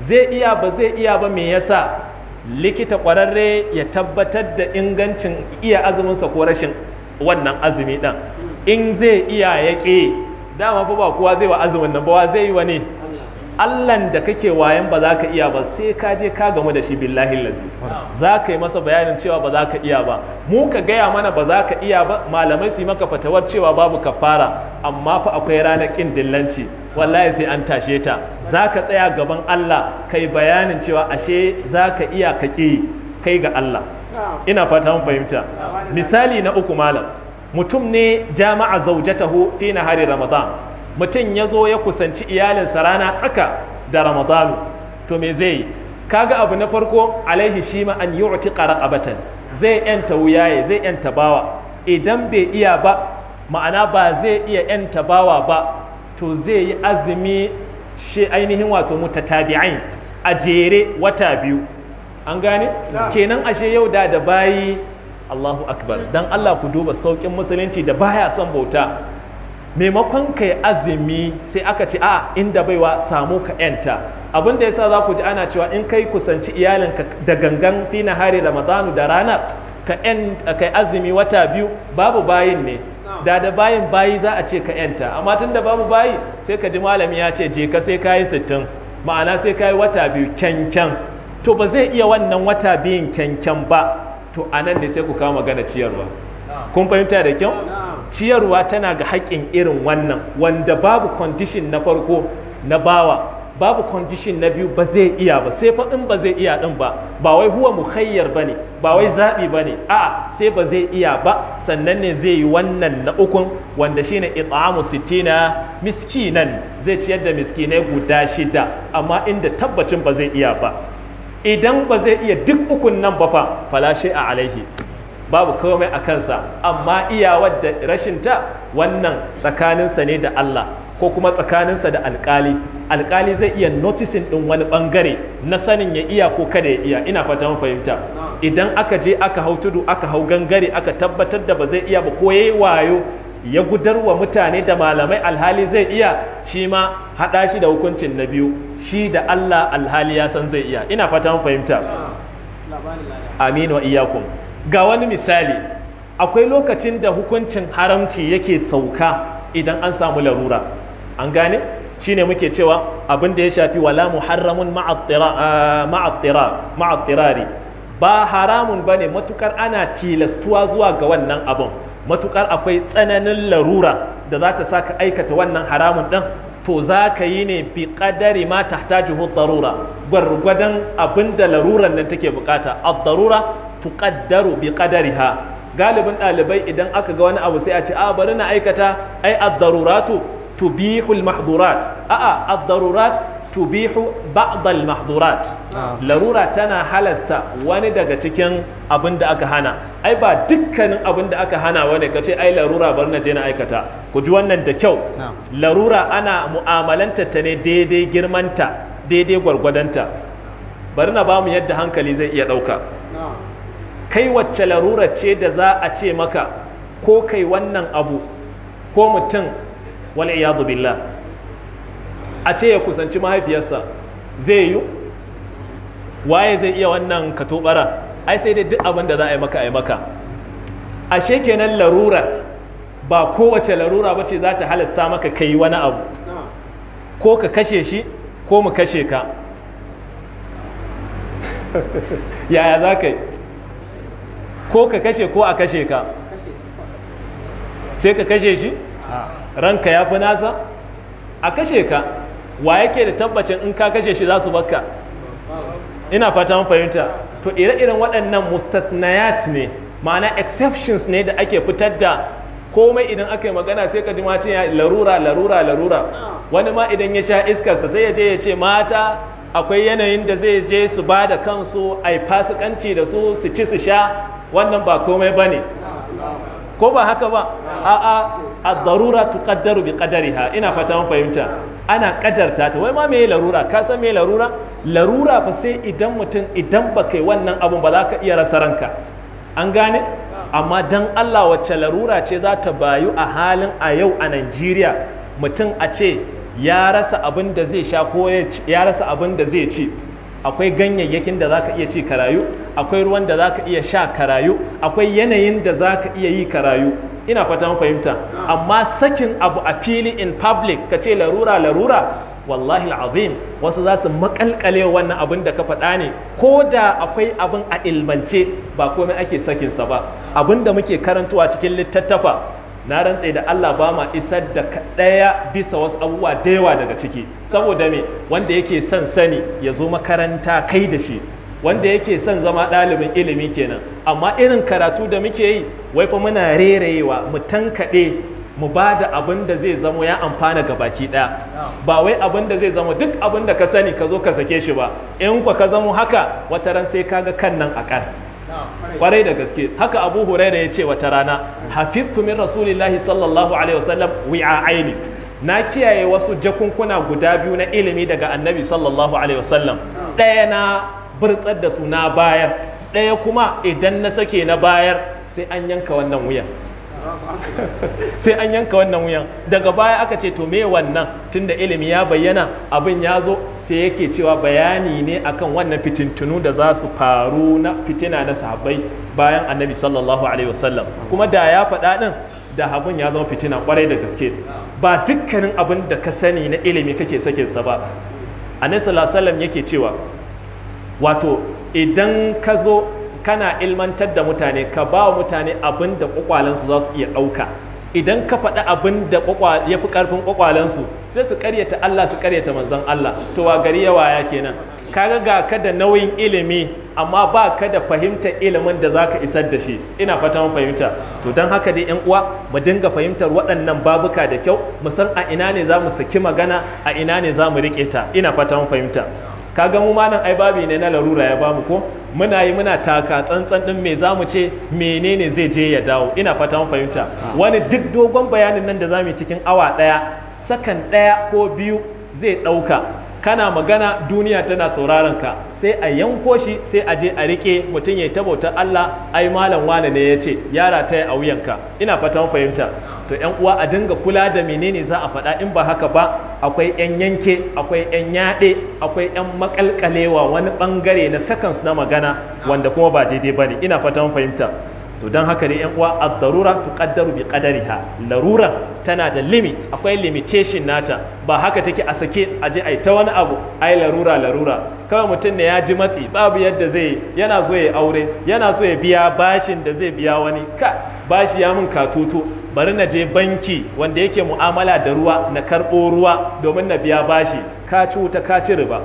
zai iya ba zai iya ba me yasa likita kwararre ya tabbatar da ingancin iya azuminsa ko rashin wannan azumi ɗin in zai iya ya ƙi dama fa ba kowa zai wa azumin nan ba wa zai yi wa ne allan da kake wayan ba za ka iya ba sai ka je ka gamu da shi billahi lazi za ka yi masa bayanin cewa ba za ka iya ba mu ka gaya mana ba za ka iya ba malamai su yi maka fatawar cewa babu kafara amma fa akwai ranar kin dillanci wallahi sai an tashe ta za ka tsaya gaban allah kai bayanin cewa ashe za ka iya ka ƙi kai ga allah ina fata mun fahimta misali na uku malam mutum ne jama'a zaujatahu fi nahari ramadan mutum ya zo ya kusanci iyalinsa rana tsaka da ramadanu to me zai yi kaga abu na farko alaihi shi ma an yi uti raqabatan zai yanta wuyaye zai yanta bawa idan bai iya ba ma'ana ba zai iya yanta bawa ba to zai yi azumi shi ainihin wato mutatabi'ain a jere wata biyu an gane kenan ashe yau da da bayi Allahu akbar dan Allah ku duba saukin musulunci da baya son bauta maimakon kai azumi sai aka ce a inda baiwa samu ka yanta abin da sa za ku ji ana cewa in kai kusanci iyalinka da gangan fi na hari ramadanu da rana ka kai azumi wata biyu babu bayin ne da da bayin bayi za a ce ka yanta amma tun da babu bayi sai ka ji malami ya ce je sai ka yi sittin ma'ana sai ka yi wata biyu kyankyan to ba zai iya wannan wata biyun kyankyan ba to anan ne sai ku kama gana ciyarwa kun fahimta da kyau ciyarwa tana ga haƙƙin irin wannan wanda babu condition na farko na bawa babu condition na biyu ba zai iya ba sai faɗin ba zai iya ɗin ba ba wai huwa mukhayyar ba ne ba wai zaɓi ba ne a sai ba zai iya ba sannan ne zai yi wannan na ukun wanda shine it'amu sittina miskinan zai ciyar da miskinai guda shida amma inda tabbacin ba zai iya ba idan ba zai iya duk ukun nan ba fa fala a alaihi babu komai a kansa amma iyawar da rashin ta wannan tsakaninsa ne da Allah ko kuma tsakaninsa da alkali alkali zai iya noticing din wani bangare na sanin ya iya ko kada ya iya ina fata mun fahimta idan aka je aka hau tudu aka hau gangare aka tabbatar da ba zai iya ba ko yayi wayo ya gudarwa mutane da malamai alhali zai iya shi ma haɗa shi da hukuncin na biyu shi da Allah alhali ya san zai iya ina fata mun fahimta amin wa iyakum ga wani misali akwai lokacin da hukuncin haramci yake sauka idan an samu larura an gane shine muke cewa abin da ya shafi wala muharramun ma'attirari ba haramun ba ne matukar ana tilastuwa zuwa ga wannan abin matukar akwai tsananin larura da za ta ka aikata wannan haramun ɗin to za ka yi ne bi ƙadari ma tahtaji darura gwargwadon abin da laruran nan take bukata a darura tuqaddaru bi qadariha galibin ɗalibai idan aka ga wani abu sai a ce a ah, bari na aikata ai ad-daruratu tubihu al-mahdhurat a'a ad-darurat tubihu ba'd al-mahdhurat larura tana halasta wani daga cikin abin da aka hana ai ba dukkanin abin da aka hana wani ka ce ai larura bari na je na aikata ku ji wannan da kyau larura ana mu'amalanta ta ne daidai girmanta daidai gwargwadonta bari na bamu yadda hankali zai iya ɗauka kai wacce larura ce da za a ce maka ko kai wannan abu ko mutum wal'iyadu billah a ce ya kusanci mahaifiyarsa zai yi waye zai iya wannan katobara ai sai dai duk abin da za a yi maka a yi maka ashe shekenan larura ba kowace larura ba ce za ta halasta maka ka yi wani abu ko ka kashe shi ko mu kashe ka yaya za ka yi ko ka kashe ko a kashe ka sai ka kashe shi ranka ya fi nasa a kashe ka wa yake da tabbacin in ka kashe shi za su bakka ina fata fahimta to ire-iren waɗannan mustathnayat ne ma'ana exceptions ne da ake fitar da komai idan aka yi magana sai ka ji ma ya larura larura larura wani ma idan ya sha iskarsa sai ya je ya ce mata akwai yanayin da zai je su ba da kansu a yi fasikanci da su su ci su sha wannan ba komai ba ne ko ba haka ba a'a a darura kaddaru bi ha ina fata mun fahimta ana kaddarta ta wai ma me larura ka san me larura larura fa sai idan mutum idan ba kai wannan abun ba za ka iya rasa ranka an gane amma dan Allah wacce larura ce za ta bayu a halin a yau a Najeriya mutum a ce ya rasa abin da zai sha ko ya rasa abin da zai ci akwai ganyayyakin da zaka iya ci karayu akwai ruwan da za ka iya sha karayu akwai yanayin da za ka iya yi karayu ina fatan fahimta amma sakin abu a fili in public ka ce larura larura wallahi al'azim wasu za su makalkale wannan abin da ka faɗa ne ko da akwai abin a ilmance ba komai ake sakinsa ba abin da muke karantuwa cikin littattafa na rantse da Allah ba ma isar da ɗaya bisa wasu abubuwa da yawa daga ciki saboda me wanda yake son sani ya zo makaranta kai da shi wanda yake son zama ɗalibin ilimi kenan amma irin karatu da muke yi wai fa muna rerayewa mu tankaɗe mu ba da abin da zai zamo ya amfana ga baki ɗaya ba wai abin da zai zama duk abin da ka sani ka zo ka sake shi ba in kwa ka zamo haka wata wataran sai kaga kan nan a ƙar kwarai da gaske haka abu huraira ya ce wata rana hafiftu min rasulillahi sallallahu alaihi wasallam wi'a aini na kiyaye wasu jakunkuna guda biyu na ilimi daga annabi sallallahu alaihi wasallam ɗaya na birtsar da su na bayar ɗaya kuma idan na sake na bayar sai an yanka wannan wuyan sai an yanka wannan wuyan daga baya aka ce to me wannan tunda ilimi ya bayyana abin ya zo sai yake cewa bayani ne akan wannan fitintunu da za su faru na fitina na sahabbai bayan annabi sallallahu alaihi wasallam kuma da ya faɗa ɗin da abin ya zama fitina kwarai da gaske ba dukkanin abin da ka sani na ilimi kake sake sa ba annabi sallallahu alaihi wasallam yake cewa wato idan ka zo kana ilmantar da mutane ka ba wa mutane abin da kwakwalensu za su iya ɗauka idan ka faɗi abin da ya fi ƙarfin kwakwalensu sai su karyata Allah su karyata manzon Allah to wa gari ya waya kenan kaga ga ka da nauyin ilimi amma ba ka da fahimtar ilimin da zaka isar da shi ina fata mun fahimta to don haka dai yan uwa mu dinga fahimtar waɗannan babuka da kyau mu san a ina ne za mu saki magana a ina ne za mu riƙe ta ina fata mun fahimta kaga mu ma nan ai babi ne na larura ya bamu ko muna yi muna taka tsantsan din me zamu ce menene zai je ya dawo ina fata mun fahimta ah. wani duk dogon bayanin nan da zamu yi cikin awa daya sakan daya ko biyu zai dauka kana magana duniya tana sauraron ka sai a yanko shi sai a je a rike mutum ya tabauta Allah ai malam wane ne ya ce yara ta yi a wuyanka ina fatan fahimta to yan uwa a dinga kula da menene za a faɗa in ba haka ba akwai yan yanke akwai yan yaɗe akwai yan makalkalewa wani bangare na sakans na magana wanda kuma ba daidai bane ina fatan fahimta to don haka ne yan uwa ad-darura kaddaru bi larura tana da limit akwai limitation nata ba haka take a sake a je ai ta wani abu ai larura larura kawai mutum ne ya ji matsi babu yadda zai yana so ya aure yana so ya biya bashin da zai biya wani ka bashi ya mun katoto bari na je banki wanda yake mu'amala da ruwa na karɓo ruwa domin na biya bashi ka ci wuta ka ci riba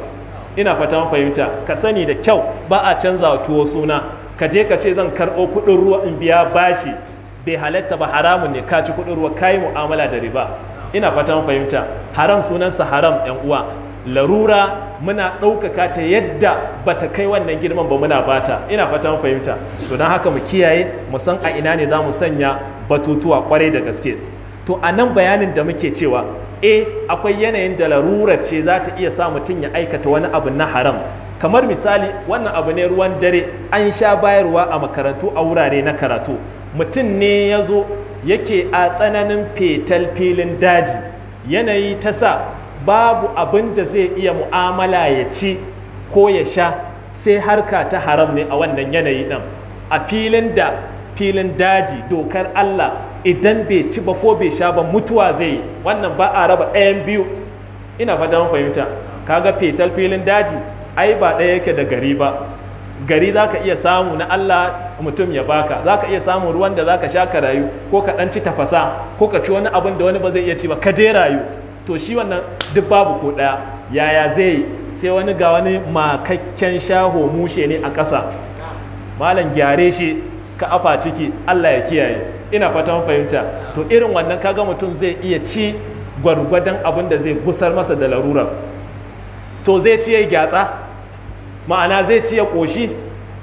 ina fata fahimta ka sani da kyau ba a canza tuwo suna ka je ka ce zan karɓo kuɗin ruwa in biya bashi bai halatta ba haramun ne ka ci kuɗin ruwa ka yi mu'amala da riba ina fatan fahimta haram sunansa haram yan uwa larura muna ɗaukaka ta yadda ba ta kai wannan girman ba muna bata ina fatan fahimta to don haka mu kiyaye mu san a ina ne za mu sanya batutuwa kwarai da gaske to a nan bayanin da muke cewa e akwai yanayin da larura ce za ta iya sa mutum ya aikata wani abu na haram kamar misali wannan abu ne ruwan dare an sha bayarwa a makarantu a wurare na karatu mutum ne ya zo yake a tsananin fetal filin daji yanayi ta sa babu abin da zai iya mu'amala ya ci ko ya sha sai harka ta haram ne a wannan yanayi ɗin a filin da filin daji dokar Allah idan bai ci ba ko bai sha ba mutuwa zai yi wannan ba a raba ɗayan biyu ina fata fahimta kaga fetal filin daji ai ba ɗaya yake da gari ba gari za ka iya samu na Allah mutum ya baka za ka iya samun ruwan da za ka sha ka rayu ko ka ɗan tafasa ko ka ci wani abin da wani ba zai iya ci ba ka je rayu to shi wannan duk babu ko ɗaya yaya zai yi sai wani ga wani makakken shaho mushe ne a ƙasa malam gyare shi ka afa ciki Allah ya kiyaye ina fatan fahimta to irin wannan kaga mutum zai iya ci gwargwadon abin da zai gusar masa da larura to zai ci ya gyatsa ma'ana zai ci ya ƙoshi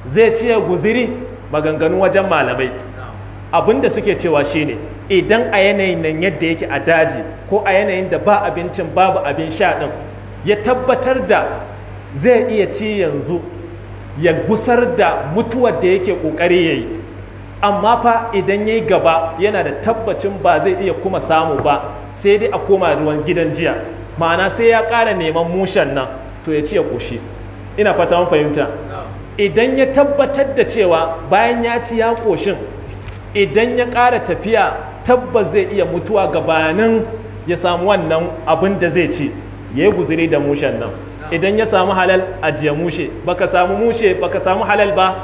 zai ci guziri maganganu wajen malamai abin da suke cewa shine idan a yanayin nan yadda yake a daji ko a yanayin da ba abincin babu abin sha ɗin ya tabbatar da zai iya ci yanzu ya gusar da mutuwar da yake ƙoƙari ya yi amma fa idan ya yi gaba yana da tabbacin ba zai iya kuma samu ba sai dai a koma ruwan gidan jiya ma'ana sai ya ƙara neman mushen nan to ya ci ya ƙoshi ina fata mun fahimta idan ya tabbatar da cewa bayan ya ci ya ƙoshin idan ya ƙara tafiya tabbas zai iya mutuwa gabanin ya samu wannan abin da zai ci ya yi guziri da mushen nan idan ya samu halal ajiye mushe baka samu mushe baka samu halal ba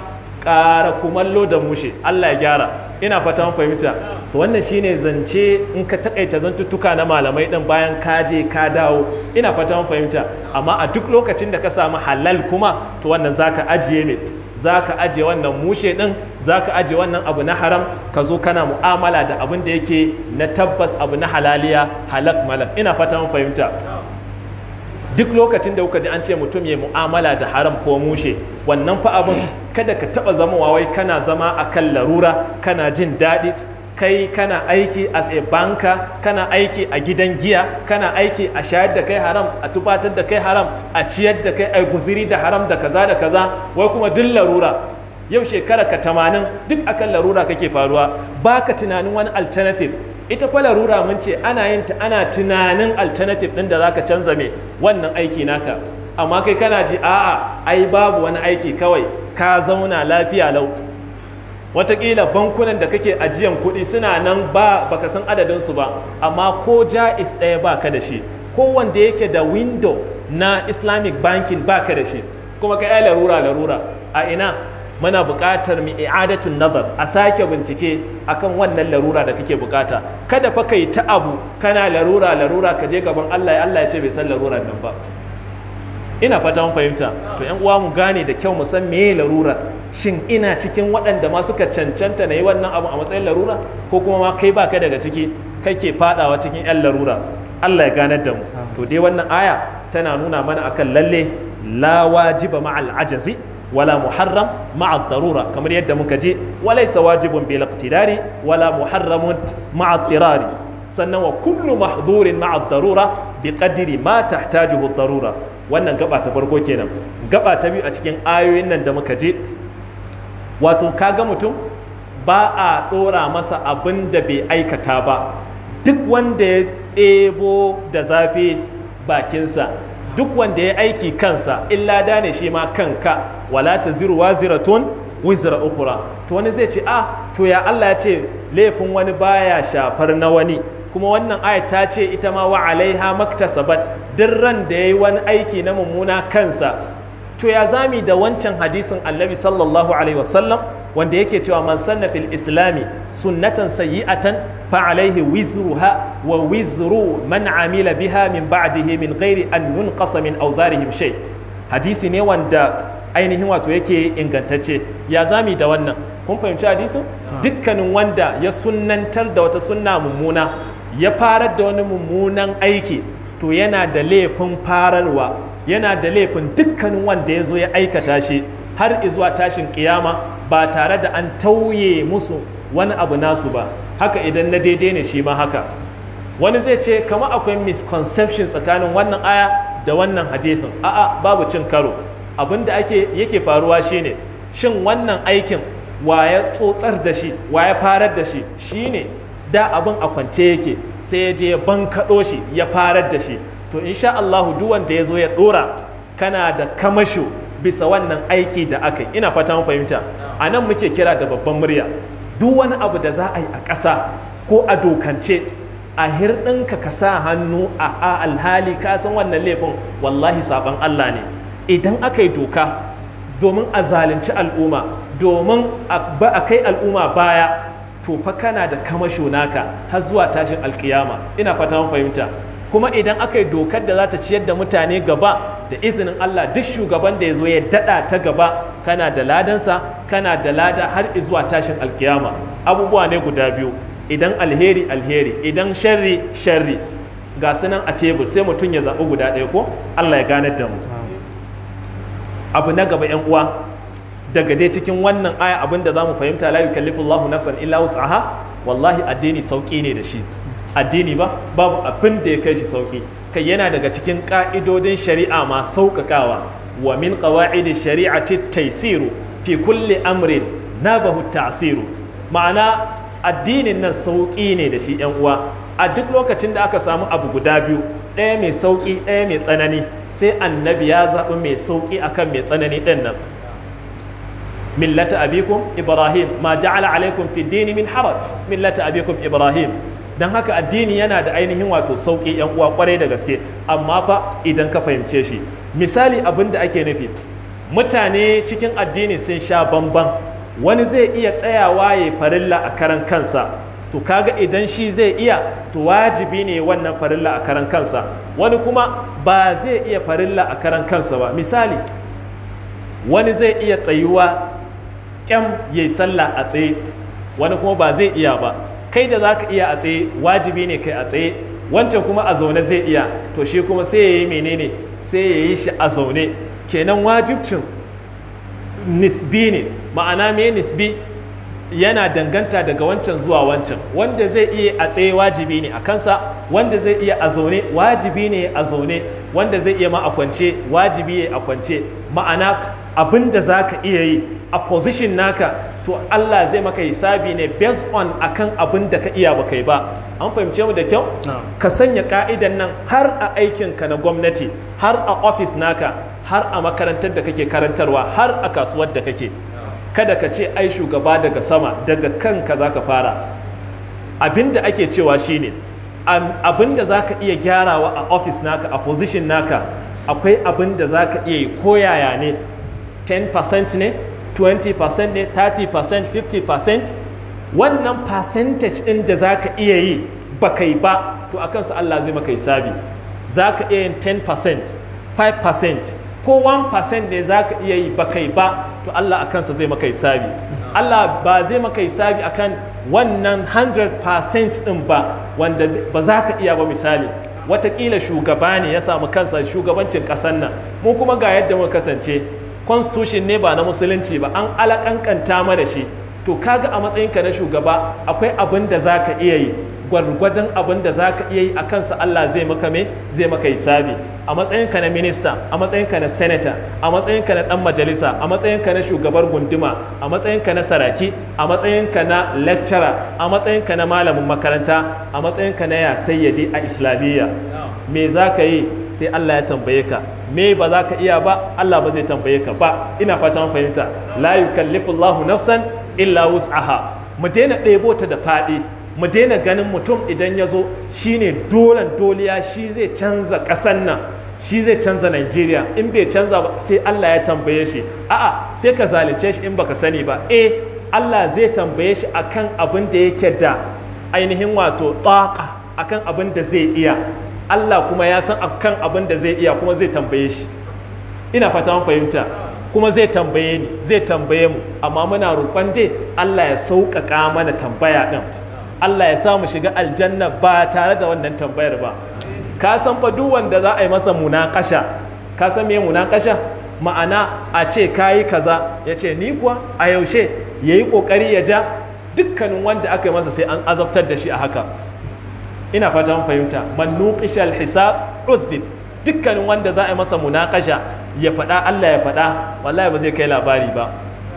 ƙara kumallo da mushe Allah ya gyara ina fata mun fahimta to wannan shine zance in ka takaita zantuttuka na malamai din bayan ka je ka dawo ina fata mun fahimta amma a duk lokacin da ka samu halal kuma to wannan zaka ajiye ne zaka ajiye wannan mushe din zaka ajiye wannan abu na haram ka zo kana mu'amala da abin da yake na tabbas abu na halaliya halak malak ina fata fahimta duk lokacin da kuka ji an ce mutum ya mu'amala da haram ko mushe wannan fa abin kada ka taba zama wai kana zama a kan larura kana jin daɗi kai kana aiki as a banka kana aiki a gidan giya kana aiki a shayar da kai haram a tufatar da kai haram a ciyar da kai a guziri da haram da kaza da kaza wai kuma duk larura yau shekara ka tamanin duk akan larura kake faruwa baka tunanin wani alternative ita fa larura mun ce ana yin ta ana tunanin alternative ɗin da za ka canza mai wannan aiki naka amma kai kana ji a'a ai babu wani aiki kawai ka zauna lafiya lau watakila bankunan da kake ajiyan kuɗi suna nan ba baka san adadin su ba amma ko jais ɗaya baka da shi ko wanda yake da window na islamic banking baka da shi kuma ka larura larura a ina muna buƙatar mu i'adatun nazar a sake bincike akan wannan larura da kake buƙata kada fa kai ta abu kana larura larura ka je gaban Allah Allah ya ce bai san larura nan ba ina fata mun fahimta to yan uwa mu gane da kyau mu san meye larura shin ina cikin waɗanda ma suka cancanta na yi wannan abu a matsayin larura ko kuma ma kai ba baka daga ciki kake fadawa cikin yan larura Allah ya ganar da mu to dai wannan aya tana nuna mana akan lalle la wajiba ma'al ajazi wala muharram ma'a darura kamar yadda muka je walaysa wajibin bil iqtidari wala muharramun ma'a tirari sannan wa kullu mahdhurin ma'a darura bi qadri ma tahtajuhu darura wannan gaba ta kenan gaba biyu a cikin ayoyin nan da muka je wato ka ga mutum ba a ɗora masa abin da bai aikata ba duk wanda ya ɗebo da zafi bakinsa duk wanda ya aiki kansa illa da ne shi ma kanka wala ta ziru wa ziratun wizra ukhra to wani zai ce a ah, to ya Allah ya ce laifin wani baya shafar na wani kuma wannan ayat ta ce ita ma wa alaiha maktasabat duk ran da yayi wani aiki na mummuna kansa to ya zami da wancan hadisin annabi sallallahu alaihi wasallam wanda yake cewa man sanna fil islami sunnatan sayyi'atan fa alaihi wizruha wa wizru man amila biha min ba'dihi min ghairi an yunqasa min awzarihim shay hadisi ne wanda ainihin wato yake ingantacce ya zami da wannan kun fahimci hadisin dukkanin wanda ya sunnantar da wata sunna mummuna ya farar da wani mummunan aiki to yana da laifin fararwa yana da laifin dukkanin wanda ya zo ya aikata shi har izuwa tashin kiyama ba tare da an tauye musu wani abu nasu ba haka idan na daidai ne shi ma haka wani zai ce kama akwai misconception tsakanin wannan aya da wannan hadithin a'a babu cin karo abin da ake yake faruwa shine shin wannan aikin wa ya tsotsar da shi wa ya farar da shi shine da abin a kwance yake sai ya je ya bankaɗo shi ya farar da shi to insha Allah duk wanda ya zo ya dora kana da kamasho bisa wannan aiki da aka yi ina fata mun fahimta a muke kira da babban murya duk wani abu da za a yi a ƙasa ko a dokance a hirɗinka ka sa hannu a alhali ka san wannan laifin wallahi sabon Allah ne idan aka yi doka domin a zalunci al'umma domin a kai al'umma baya to fa kana da kamasho naka har zuwa tashin alkiyama ina fata mun fahimta kuma idan aka yi dokar da za ta ciyar da mutane gaba da izinin Allah duk shugaban da ya zo ya daɗa ta gaba kana da ladansa kana da lada har zuwa tashin alkiyama abubuwa ne guda biyu idan alheri alheri idan sharri sharri ga sunan a tebur sai mutum ya zaɓi guda ɗaya ko Allah ya ganar da mu abu na gaba yan uwa daga dai cikin wannan aya abin da za mu fahimta la yukallifu Allahu nafsan illa wus'aha wallahi addini sauki ne da shi addini ba babu abin da ya kai shi sauki kai yana daga cikin ka'idodin shari'a ma sauƙaƙawa wa min qawa'idi shari'ati taysiru fi kulli amrin nabahu ta'siru ma'ana addinin nan sauƙi ne da shi yan uwa a duk lokacin da aka samu abu guda biyu ɗaya mai sauƙi ɗaya mai tsanani sai annabi ya zaɓi mai sauƙi akan mai tsanani ɗin nan millata abikum ibrahim ma ja'ala alaikum fi dini min haraj millata abikum ibrahim don haka addini yana da ainihin wato sauƙi yan uwa kwarai da gaske amma fa idan ka fahimce shi misali abin da ake nufi mutane cikin addini sun sha bamban wani zai iya tsayawa ya farilla a karan kansa to kaga idan shi zai iya to wajibi ne wannan farilla a karan kansa wani kuma ba zai iya farilla a karan kansa ba misali wani zai iya tsayuwa ya yi sallah a tsaye wani kuma ba zai iya ba kai da za ka iya a tsaye wajibi ne kai a tsaye wancan kuma a zaune zai iya to shi kuma sai yayi menene sai yayi shi a zaune kenan wajibcin nisbi ne ma'ana me nisbi yana danganta daga wancan zuwa wancan wanda zai iya a tsaye wajibi ne a kansa wanda zai iya a zaune wajibi ne a zaune wanda zai iya ma a kwance wajibi ya a kwance ma'ana abin da za ka iya yi a position naka to Allah zai maka hisabi ne based on akan abin da ka iya ba kai ba an fahimce mu da kyau ka sanya ka'idan nan har a aikin ka na gwamnati har a ofis naka har a makarantar da kake karantarwa har a kasuwar da kake kada ka ce ai shugaba daga sama daga kanka za ka fara abin da ake cewa shine abin da za ka iya gyarawa a ofis naka a position naka akwai abin da za ka iya yi ko yaya ne 10% ne 20% ne 30% 50% wannan percentage ɗin da za ka iya yi ba yi ba to a kansa Allah zai maka hisabi za ka iya yin 10% 5% ko 1% ne za ka iya yi ba yi ba to Allah a kansa zai maka hisabi Allah ba zai maka hisabi akan wannan 100% ɗin ba wanda ba za ka iya ba misali wataƙila shugaba ne ya samu kansa shugabancin ƙasar nan mu kuma ga yadda muka kasance constitution ne ba na musulunci ba an alakankanta mana shi to kaga a matsayinka na shugaba akwai abin da za ka iya yi gwargwadon abin da za ka iya yi a kansa Allah zai maka me zai maka hisabi a matsayinka na minista a matsayinka na senator a matsayinka na dan majalisa a matsayinka na shugabar gunduma a matsayinka na saraki a matsayinka na lecturer a matsayinka na malamin makaranta a matsayinka na ya sayyadi a islamiyya me za ka yi sai Allah ya tambaye ka me ba za ka iya ba Allah ba zai tambaye ka ba ina fatan fahimta la yukallifullahu nafsan illa wus'aha mu daina ɗebo ta da faɗi mu daina ganin mutum idan ya zo shine dolan doliya shi zai canza ƙasan nan shi zai canza Najeriya in bai canza ba sai Allah ya tambaye shi a'a sai ka zalunce shi in baka sani ba eh Allah zai tambaye shi akan abin da yake da ainihin wato taqa akan abin da zai iya Allah kuma ya san akan abin da zai iya kuma zai tambaye shi ina fata mun fahimta kuma zai tambaye ni zai tambaye mu amma muna roƙon dai Allah ya sauƙaƙa mana tambaya ɗin Allah ya sa mu shiga aljanna ba tare da wannan tambayar ba ka san fa duk wanda za a yi masa munakasha ka san me munakasha ma'ana a ce kayi kaza ya ce ni kuwa a yaushe yayi yi ƙoƙari ya ja dukkanin wanda aka yi masa sai an azabtar da shi a haka ina fatan fahimta man nuqishal hisab udhib dukkanin wanda za a yi masa munakasha ya faɗa Allah ya faɗa wallahi ba zai kai labari ba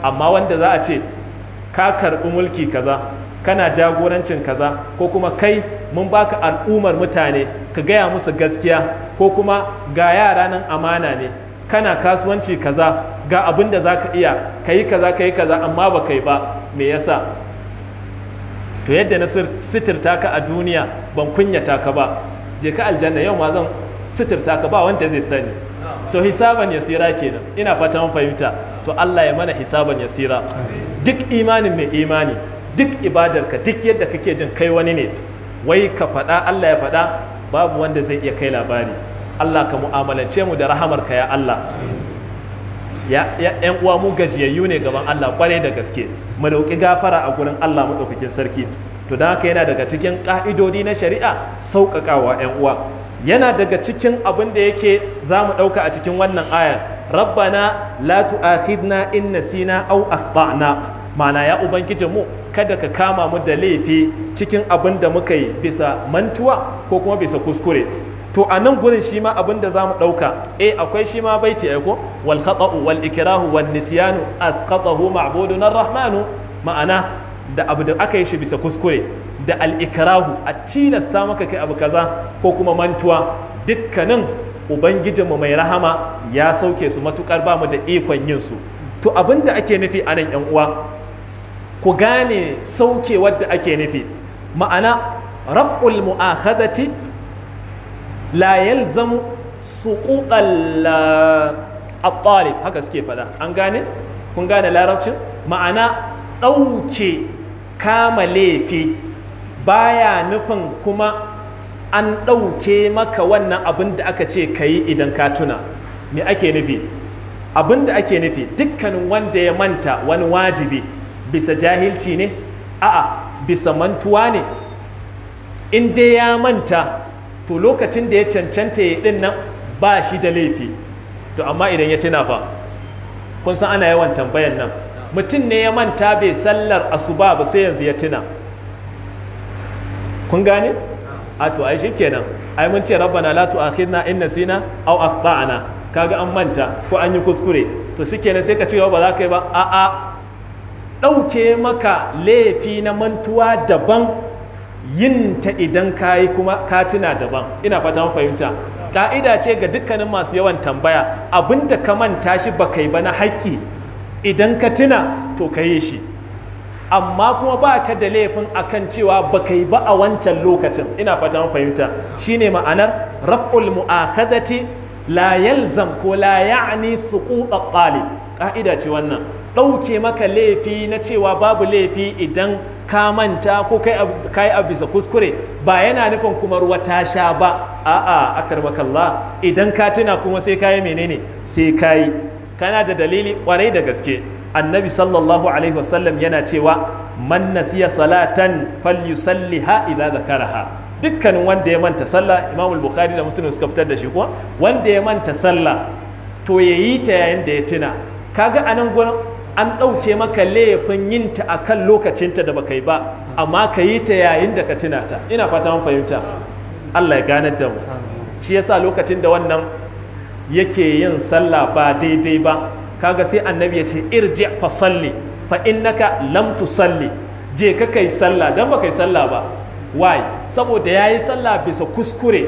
amma wanda za a ce ka karɓi mulki kaza kana jagorancin kaza ko kuma kai mun baka al'umar mutane ka gaya musu gaskiya ko kuma ga yara nan amana ne kana kasuwanci kaza ga abin da za ka iya ka yi kaza ka yi kaza amma ba kai ba me yasa to yadda na ta ka a duniya ban kunyata ka ba je ka aljanna yau ma zan ta ka ba wanda zai sani to hisaban yasira kenan ina fata mun fahimta to Allah ya mana hisaban yasira duk imanin mai imani duk ibadarka duk yadda kake jin kai wani ne wai ka faɗa Allah ya faɗa babu wanda zai iya kai labari Allah ka mu'amalance mu da ka ya Allah ya yan uwa mu gajiyayyu ne gaban Allah kwarai da gaske mu dauki gafara a gurin Allah madaukakin sarki to don haka yana daga cikin ka'idodi na shari'a sauƙaƙawa yan uwa yana daga cikin abin da yake za mu ɗauka a cikin wannan ayar rabbana la tu'akhidna in nasina aw akhtana mana ya ubangijin mu kada ka kama mu da laifi cikin abin da muka yi bisa mantuwa ko kuma bisa kuskure to a nan gurin shi ma abin da za mu ɗauka eh akwai shi ma baiti ko wal khata'u wal ikrahu wal nisyanu asqatahu ma'budun rahmanu ma'ana da abu da aka yi shi bisa kuskure da al'ikarahu a tilasta maka kai abu kaza ko kuma mantuwa dukkanin ubangijinmu mai rahama ya sauke su matukar ba mu da ikon yin su to abin da ake nufi a nan yan uwa ku gane sauke wadda ake nufi ma'ana raf'ul mu'akhadati la yalzamu suquqal at-talib haka suke fada an gane kun gane larabcin ma'ana ɗauke kama laifi baya nufin kuma an ɗauke maka wannan abin da aka ce ka yi idan ka tuna me ake nufi abin da ake nufi dukkanin wanda ya manta wani wajibi bisa jahilci ne a'a bisa mantuwa ne in dai ya manta to lokacin da ya cancanta ya ɗin nan ba shi da laifi to amma idan ya tuna fa kun san ana yawan tambayan nan mutum ne ya manta bai sallar asuba ba sai yanzu ya tuna kun gane a to ai shikenan ai mun ce rabbana la tu'akhidna in nasina aw akhtana kaga an manta ko an yi kuskure to shikenan sai ka ce ba za ka yi ba a a dauke maka laifi na mantuwa daban yin ta idan kayi kuma ka tuna daban ina fata fahimta ka'ida ce ga dukkanin masu yawan tambaya abinda ka manta shi ba kai ba na haƙƙi idan ka tuna to ka yi shi amma kuma ba ka da laifin a kan cewa ba ka yi ba a wancan lokacin ina fatan fahimta shine ma'anar raf'ul mu'akhadati la yalzam ko la ya'ni suqut at-talib ka'ida ce wannan ɗauke maka laifi na cewa babu laifi idan ka manta ko kai a bisa kuskure ba yana nufin kuma ruwa ta sha ba a'a karmakalla idan ka tuna kuma sai kayi menene sai kayi kana da dalili kwarai da gaske annabi sallallahu alaihi wasallam yana cewa man nasiya salatan falyusalliha idza zakaraha dukkanin wanda ya manta sallah imam bukhari da muslim suka fitar da shi kuwa wanda ya manta sallah to yayi ta yayin da ya tuna kaga anan gurin an ɗauke maka laifin yin ta akan lokacinta da baka yi ba amma ka yi ta yayin da ka tuna ta ina fata mun fahimta Allah ya ganar da mu shi yasa lokacin da wannan yake yin sallah ba daidai ba kaga sai annabi ya ce irji fa salli fa innaka lam tusalli je ka kai sallah dan ba kai sallah ba why saboda yayi sallah bisa kuskure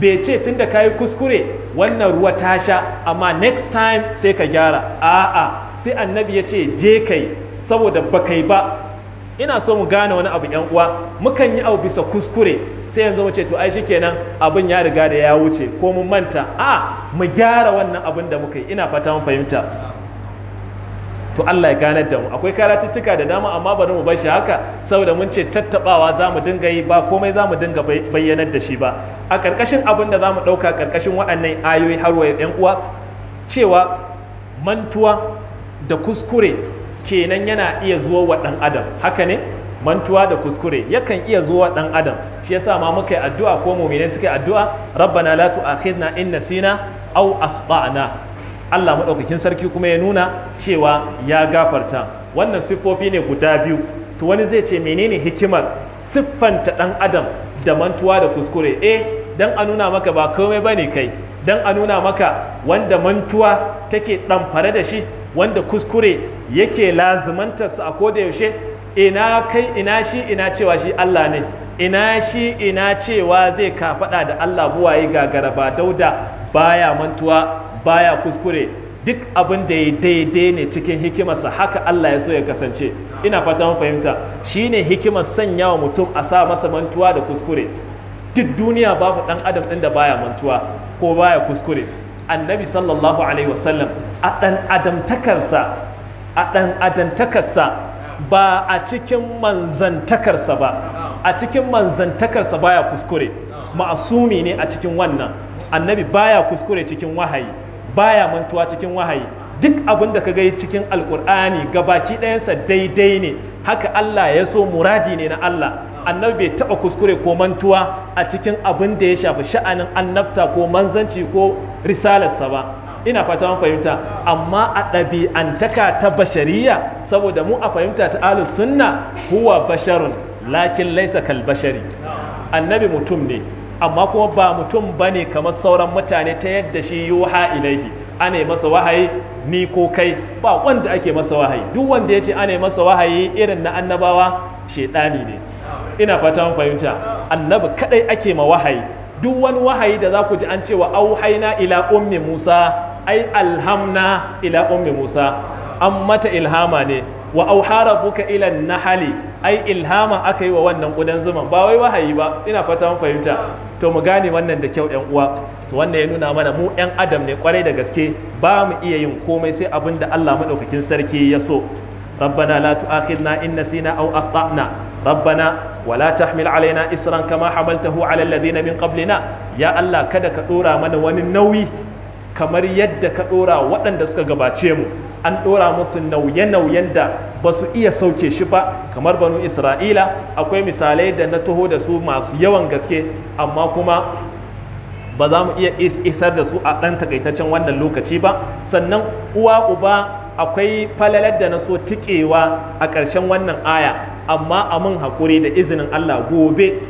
bai ce tunda kayi kuskure wannan ruwa ta sha amma next time sai ka gyara a'a sai annabi ya ce je kai saboda ba kai ba ina so mu gane wani abu yan uwa mukan yi abu bisa kuskure sai yanzu mu ce to ai shikenan abin ya riga da ya wuce ko mun manta a mu gyara wannan abun da muka yi ina fata mun fahimta to Allah ya ganar da mu akwai karatuttuka da dama amma bari mu bashi haka saboda mun ce tattabawa za mu dinga yi ba komai za mu dinga bayyanar da shi ba a karkashin abin da za mu ɗauka karkashin waɗannan ayoyi har wa yan uwa cewa mantuwa da kuskure kenan yana iya zuwa wa ɗan adam haka ne mantuwa da kuskure yakan iya zuwa ɗan adam shi yasa ma muka yi addu'a ko mu'minai suka yi addu'a rabbana la tu'akhidna in nasina aw akhtana Allah madaukakin sarki kuma ya nuna cewa ya gafarta wannan siffofi ne guda biyu to wani zai ce menene hikimar siffanta ɗan adam da mantuwa da kuskure eh dan a nuna maka ba komai bane kai dan a nuna maka wanda mantuwa take ɗamfare da shi wanda kuskure yake lazumantarsa a koda yaushe ina kai ina shi ina cewa shi Allah ne ina shi ina cewa zai kafaɗa da Allah buwaye gagara ba dauda baya mantuwa baya kuskure duk abin da ya daidai ne cikin hikimarsa haka Allah ya so ya kasance ina fata mun fahimta shine hikimar sanya wa mutum a sa masa mantuwa da kuskure duk duniya babu dan adam ɗin da baya mantuwa ko baya kuskure annabi sallallahu alaihi wasallam a ɗan adamtakarsa a ɗan adamtakarsa ba a cikin manzantakarsa ba a cikin manzantakarsa baya kuskure ma'asumi ne a cikin wannan annabi baya kuskure cikin wahayi baya mantuwa cikin wahayi duk abin da ka gai cikin alkur'ani baki ɗayansa daidai ne haka Allah ya so muradi ne na Allah annabi bai taɓa kuskure ko mantuwa a cikin abin da ya shafi sha'anin annabta ko manzanci ko risalarsa ba ina fata mun fahimta amma a ɗabi'antaka ta bashariya saboda mu a fahimta ta ahlus sunna huwa basharun lakin laisa kal bashari annabi mutum ne amma kuma ba mutum bane kamar sauran mutane ta yadda shi yuha ilaihi ana masa wahayi ni ko kai ba wanda ake masa wahayi duk wanda ya ce ana masa wahayi irin na annabawa shaidani ne ina fata mun fahimta annabi kadai ake ma wahayi duk wani wahayi da za ku ji an cewa auhaina ila ummi musa ai alhamna ila ummi musa an mata ilhama ne wa auha ilan ila nahali ai ilhama aka yi wa wannan kudan zuman ba wai wahayi ba ina fata mun fahimta to mu gane wannan da kyau yan uwa to wannan ya nuna mana mu yan adam ne kwarai da gaske ba mu iya yin komai sai abin da Allah madaukakin sarki ya so ربنا لا تؤاخذنا إن نسينا أو أخطأنا ربنا ولا تحمل علينا إسرا كما حملته على الذين من قبلنا يا الله كدك أورا من nauyi kamar yadda ka ɗora waɗanda suka gabace mu an ɗora musu nauye-nauyen da ba su iya sauke shi ba kamar banu isra'ila akwai misalai da na taho da su masu yawan gaske amma kuma ba za mu iya isar da su a ɗan takaitaccen wannan lokaci ba sannan uwa uba akwai falalar da na so tikewa a ƙarshen wannan aya amma a mun haƙuri da izinin Allah gobe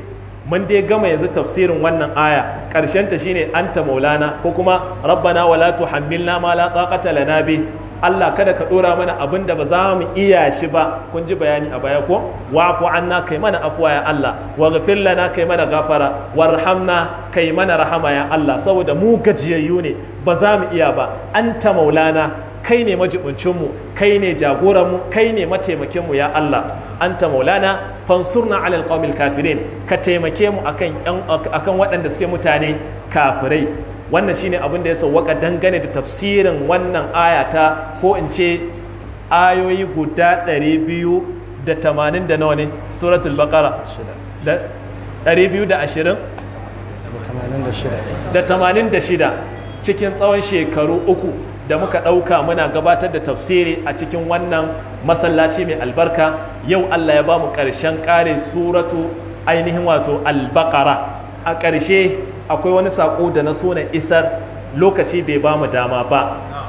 mun dai gama yanzu tafsirin wannan aya Ƙarshen ƙarshenta shine anta maulana ko kuma rabbana wala tuhammilna ma la taqata lana bi Allah kada ka dora mana abin da ba za mu iya shi ba kun ji bayani a baya ko wafu anna kai mana afwa ya Allah wa ghafir lana kai mana gafara warhamna kai mana rahama ya Allah saboda mu gajiyayyu ne ba za mu iya ba anta maulana kai ne majibincinmu kai ne jagoranmu kai ne mataimakinmu ya Allah anta maulana fansurna alal qawmil kafirin ka taimake mu akan akan waɗanda suke mutane kafirai wannan shine abin da ya sauwaka dangane da tafsirin wannan ayata ko in ce ayoyi guda suratul baqara da 220 da 86 cikin tsawon shekaru uku da muka ɗauka muna gabatar da tafsiri a cikin wannan masallaci mai albarka yau Allah ya ba mu ƙarshen ƙare suratu ainihin wato albakara a ƙarshe akwai wani sako da na so na isar lokaci bai ba mu dama ba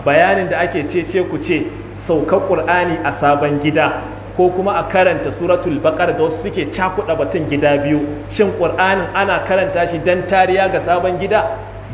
bayanin da ake ce ce ku ce sauka ƙur'ani a sabon gida ko kuma a karanta suratul baƙar da wasu suke cakuɗa batun gida biyu shin ƙur'anin ana karanta shi don tariya ga sabon gida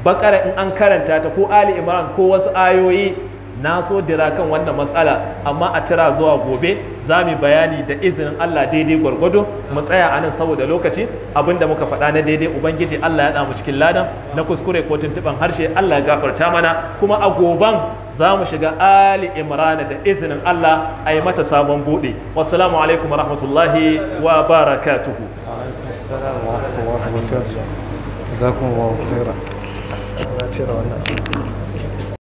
baƙar in an karanta ta ko ali imran ko wasu ayoyi na so dira kan wannan matsala amma a tira zuwa gobe za mu bayani da izinin Allah daidai gwargwado mu tsaya a nan saboda lokaci abinda muka faɗa na daidai ubangiji Allah ya mu cikin ladan na kuskure ko tuntuɓan harshe Allah ya gafarta mana kuma a goban za mu shiga Ali imrana da izinin Allah a yi mata sabon buɗe wassalamu alaikum rahmatullahi wa barakatuhu